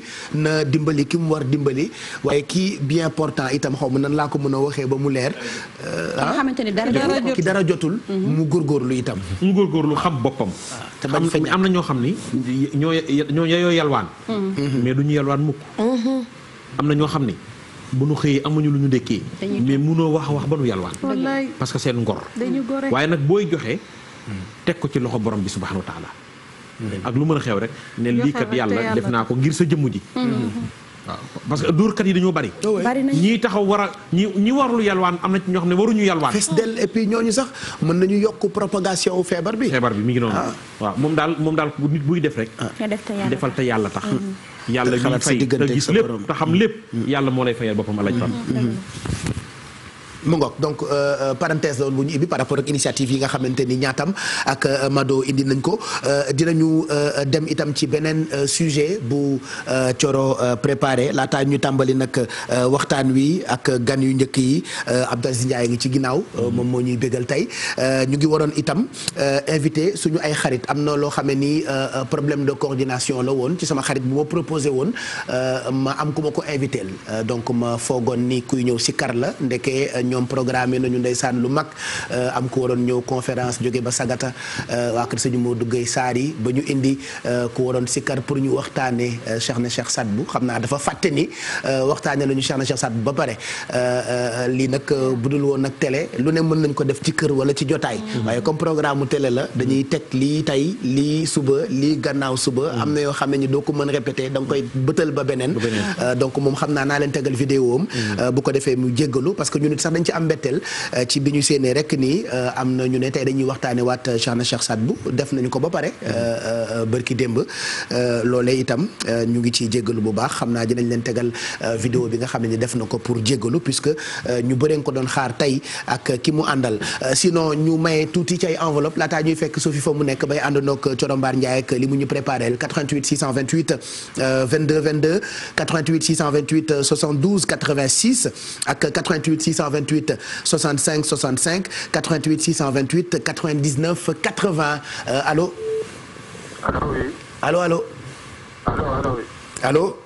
dimbali ki mu war dimbali waaye kii bien important itam xaw ma nan laa ko mën a waxee ba mu leer nga ah, xamante ne dara dara jotul mhm. mu góorgóorlu itam mu góorgóorlu xam boppam ah, te bañ am na ñoo xam ni ñoo ñoo yalwaan mhm. mais du ñu yalwaan mukk am na ñoo xam ne bu nu xëyee amuñu lu ñu dëkkee mais munoo wax a wax ba nu yalwaan parce que seen ngor waaye nag booy joxe hmm. teg ko ci loxo borom bi subhanahu wa taala hmm. ak lu mën a xew rek ne lii kat yàlla def naa ko ngir sa jëmm ji hmm. waaw parce que dóorkat yi dañoo bari. Oh, ñii taxaw war a ñi ñi warul yalwaan am na ñoo xam ne waruñu yalwaan. fes dell et puis ñooñu sax mën nañu yokk propagation wu feebar bi. feebar bi mi ngi noonu. Ah. waaw moom daal moom daal nit buy def rek. Ah. defal te yàlla tax. yàlla ñuy fay te gis lépp te xam lépp yàlla moo lay fayal boppam alaaj Pam mu ngoog donc euh, euh, parenthèse bu ñu ibbi par rapport ak initiative yi nga xamante ni ñaatam ak euh, Mado indi nañ ko dinañu dem itam ci beneen sujet bu Coro préparé laataa ñu tàmbali nag waxtaan wi ak gan yu njëkk yi Abdou Aziz ngi ci ginnaaw. moom moo ñuy bégal tey ñu ngi waroon itam invité suñu ay xarit am na loo xam ne ni problème de coordination la woon ci sama xarit bu ma proposé woon ma am kuma ma ko invité donc ma foogoon ni kuy ñëw si kar la ndeke. ñoom programmé nañu ndeysaan lu mag euh, am ku waroon ñëw conférence jóge ba Sagata euh, waa kër sëñ Modou Guèye Sarr yi ba ñu indi euh, ku waroon sikkar pour ñu waxtaanee Cheikh na Cheikh bu xam naa dafa fàtte ni waxtaanee la ñu Cheikh na Cheikh Sadbu ba pare lii nag bu dul woon nag télé lu ne mën nañ ko def ci kër wala ci jotaay. Mm. waaye comme programme mu télé la dañuy teg lii tey lii suba lii gannaaw suba. Mm. am na yoo xam ne doo ko mën répété da nga koy bëtal ba beneen. donc moom xam naa naa leen tegal vidéo nañ ci am mbetteel euh, ci bi ñu séenee rek nii euh, am na ñu ne tey dañuy waxtaanee waat euh, Cheikhna Cheikh Saad Bou def nañu ko ba pare bërki démb loolee itam ñu ngi ci jéggalu bu baax xam naa dinañ leen tegal vidéo bi nga xam ne ni def na ko pour jéggalu puisque ñu bëreen ko doon xaar tey ak ki mu àndal sinon ñu maye tuuti ci ay enveloppe laataa ñuy fekk Sophie fa mu nekk bay àndandoog Corombaar Ndiaye ak li mu ñu préparé 88 628 22 22 88 628 72 86 ak 88 628 628 65 65 88 628 99 80 euh, allô. allô oui. allô allô. allô allô oui. allô.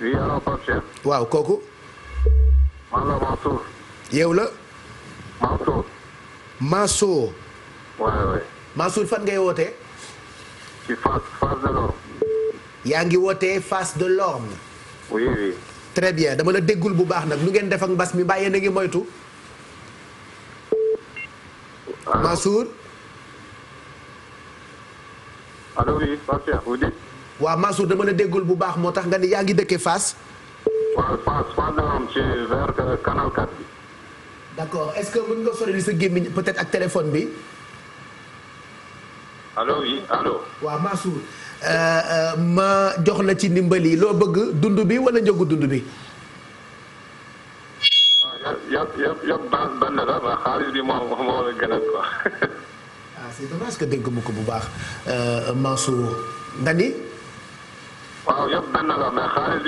oui allô Pape Cheikh. waaw kooku. man la Mansour. yow la. Mansour. Mansour. waay waay. Mansour fan ngay wootee. ci face face de l'Orme. yaa ngi wootee face de l'Orme. oui oui. très bien dama la déggul bu baax nag lu ngeen def ak mbas mi mbàyyee na ngi moytu Mansour allo oui dama la déggul bu baax moo tax nga ni yaa ngi dëkkee Fass waaw Fass Fass la am ci vers est-ce que mën nga sori li sa gémmiñ peut-être ak téléphone bi allo oui ma jox la ci ndimbal loo bëgg dund bi wala njëgu dund bi. waaw yëpp yëpp la waaw xaalis bi moom moo la gënal que dégg mu ko bu baax Mansour nga ni. la mais xaalis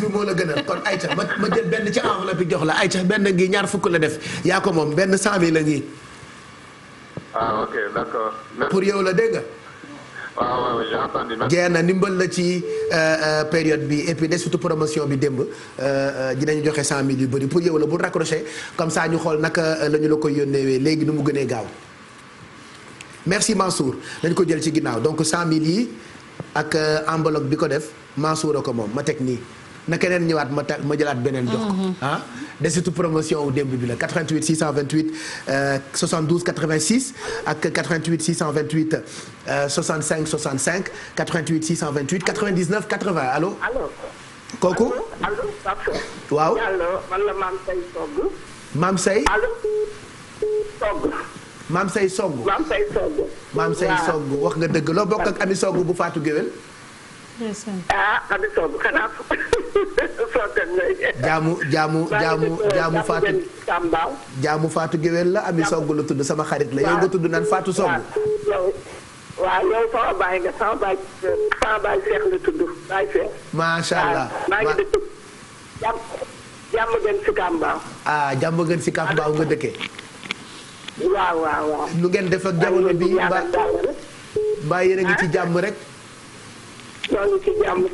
bi moo la gënal kon ay ma ma jël benn ci enveloppe bi jox la ay Aïcha benn ngi ñaar fukk la def yaa ko moom benn cent mille la ngi. Ah, pour yow la dégg genn ndimbal la ci euh, euh, période bi et puis des surtout promotion bi démb euh, dinañu joxe cent mille yu bëri pour yow la bu raccroché comme ça ñu xool naka la ñu la koy yónneewee léegi nu mu gënee gaaw merci Mansour dañ ko jël ci ginnaaw donc cent mille yi ak enveloppe bi ko def Mansour a ko moom ma teg nii na keneen ñëwaat ma ta ma jëlaat beneen jox ko mm-hmm. ah desitu promotion démb bi la 88 628 72 86 ak 88 628 65 65 88 628 99 80 allo. allo kooku. allo waaw allo man la Maam Say Sogg. Maam Say. allo Sogg. Maam Say Sogg. Maam Say Sogg. Maam Say Sogg wax nga dëgg loo bokk ak ami Sogg bu Faatu Géwél. ah Ami Sow tudd sama xarit la yow nga tudd naan Fatou ah, jàmm gën si Kambaaw. Ah, jàmm gën si Kambaaw nga dëkkee. waaw ngeen def ak jamono bi mbaa mbaa yéen ngi ci ah. jàmm rek. ñoo ngi ci jàmm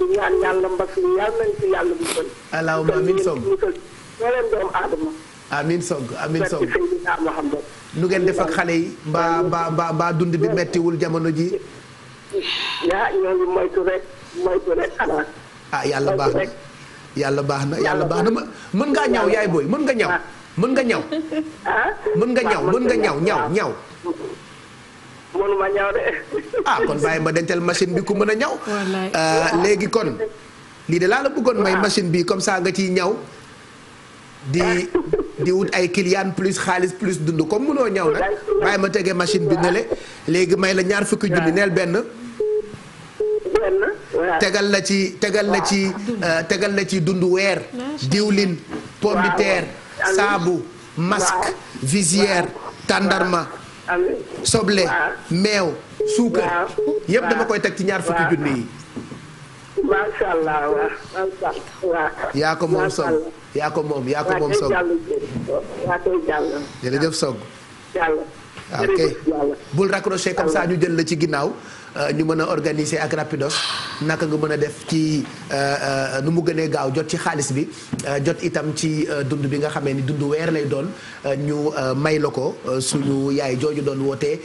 nu ngeen defak xale yi mbaa mbaa mbaa dund bi mettiwul jamono ji. ah yàlla baax na yàlla baax na yàlla baax na ma mën ngaa ñaw yaay booy mën nga ñaw. Ah. Ah. mën nga ñaw. mën nga ñaw mën ñaw ñaw ñaw. ah kon bàyyi ma dencal machine bi ku mën a ñaw. Euh, léegi kon lii de laa la bëggoon may machine bi comme ça nga ciy ñaw di wut ay client plus xaalis plus dund comme mënoo ñaw nag bàyyi ma tegee machine bi nele léegi may la ñaar fukki junni neel benn. tegal la ci tegal la ci euh, tegal ci dund weer. diwlin pomme saabu masque visière tàndarma. soble meew suukar yëpp dama koy teg ci ñaar fukki junni yi macha allah waaw yaa ko moom Sog yaa ko moom yaa ko moom Sog jërëjëf Sog ok bul raccroché comme ça ñu jël la ci ginnaaw Euh, ñu mën a organiser ak rapidos naka nga mën a def ci euh, euh, nu mu gënee gaaw jot ci xaalis bi jot itam ci dund bi nga xamee ni dund weer lay doon ñu may la ko suñu yaay jooju doon wootee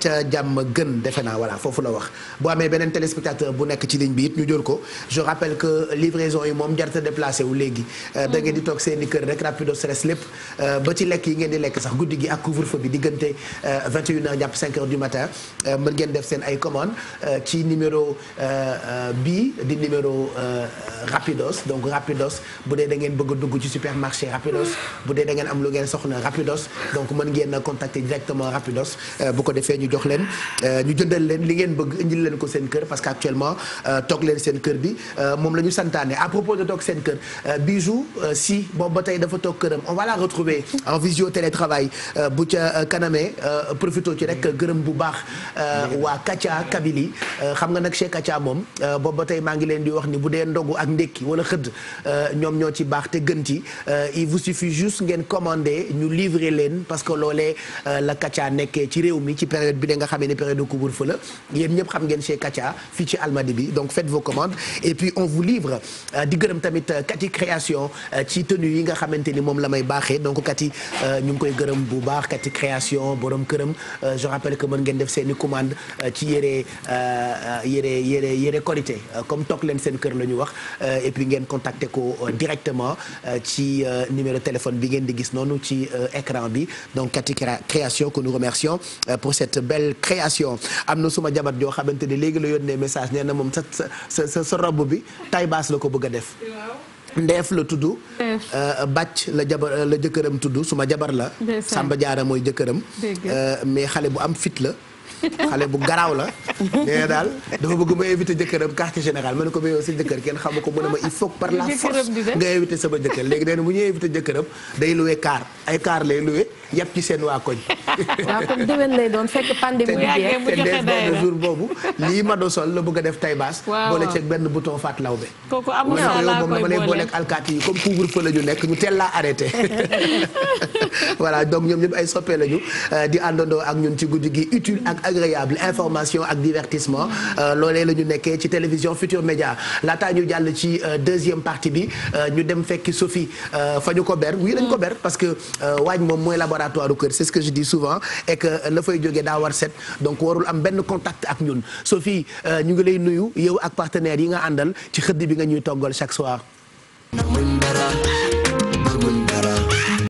ca jàmm gën defe naa voilà foofu la wax boo amee beneen téléspectateur bu nekk ci ligne bi it ñu jël ko je rappelle que livraison yi moom jarta déplacé wu léegi da ngeen di toog seen i kër rek rapidos res lépp ba ci lekk yi ngeen di lekk sax guddi gi ak couvre-feu bi diggante 21 heures jàpp 5 heures du matin mën ngeen def seen ay commande Ousmane ci euh, numéro euh, euh, bii di numéro Rapidos donc Rapidos bu dee da ngeen bëgg dugg ci supermarché Rapidos bu dee da ngeen am lu ngeen soxla Rapidos donc mën ngeen a contacter directement Rapidos bu ko defee ñu jox leen ñu jëndal leen li ngeen bëgg indil leen ko seen kër parce que actuellement toog leen seen kër bi moom la ñu santaane à propos de toog seen kër bijou si boobu ba tey dafa toog këram on va la retrouver en visio télétravail bu ca kanamee profito ci rek gërëm bu baax Kabylie euh, xam nga nag Cheikh Acha moom euh, boobu ba tey maa ngi leen di wax ni bu dee euh, mi ci période bi bi donc faites vos commandes et puis on vous tamit Kati création ci tenue yi nga xamante ni moom la may baaxee donc Kati ñu ngi koy gërëm bu baax Kati création borom këram je rappelle que mën ngeen def seeni commande ci yére Euh, euh, yére yére yére korité euh, comme toog leen seen kër la ñu wax et puis ngeen contacter ko directement ci numéro téléphone bi ngeen di gis noonu ci écran bi donc Kati création que nous remercions pour cette belle création am na suma jabar joo xamante ni léegi la yónnee message nee na moom sa sa sa sa bi taille basse la ko bëgg a def. ndeef la tudd bàcc la jabar la jëkkëram tudd suma jabar la Samba mooy jëkkëram mais xale bu am fit la xale bu garaaw la nee daal dafa bëgg ma invité jëkkëram quartier général ma ne ko yow sa jëkkër kenn xamu ko mu ne ma il faut par la force nga invité sama jëkkër léegi nee na bu ñuy invité jëkkëram day loué car ay car lay loué yàpp ci seen waa koñ waaw comme fekk pandémie bi def benn boobu lii ma do la bëgg a def tay baas boole ceeg benn bouton faat lawbe kooku amul yow moom dama lay booleeg alkaati yi comme couvre feu la ñu nekk ñu teel laa arrêté voilà donc ñoom ñëpp ay soppee lañu euh, di àndandoo ak ñun ci guddi gi utile ak agréable information ak divertissement euh, loolee la ñu nekkee ci télévision Futur Média laataa ñu jàll ci euh, deuxième partie bi euh, ñu dem fekki Sophie fa ñu ko ber wii lañ ko ber parce que waañ moom mooy laboratoire u kër c'est ce que je dis souvent et que la fay jógee daa war set donc warul am benn contact ak ñun Sophie ñu ngi lay nuyu yow ak partenaires yi nga àndal ci xëdd bi nga ñuy toggal chaque soir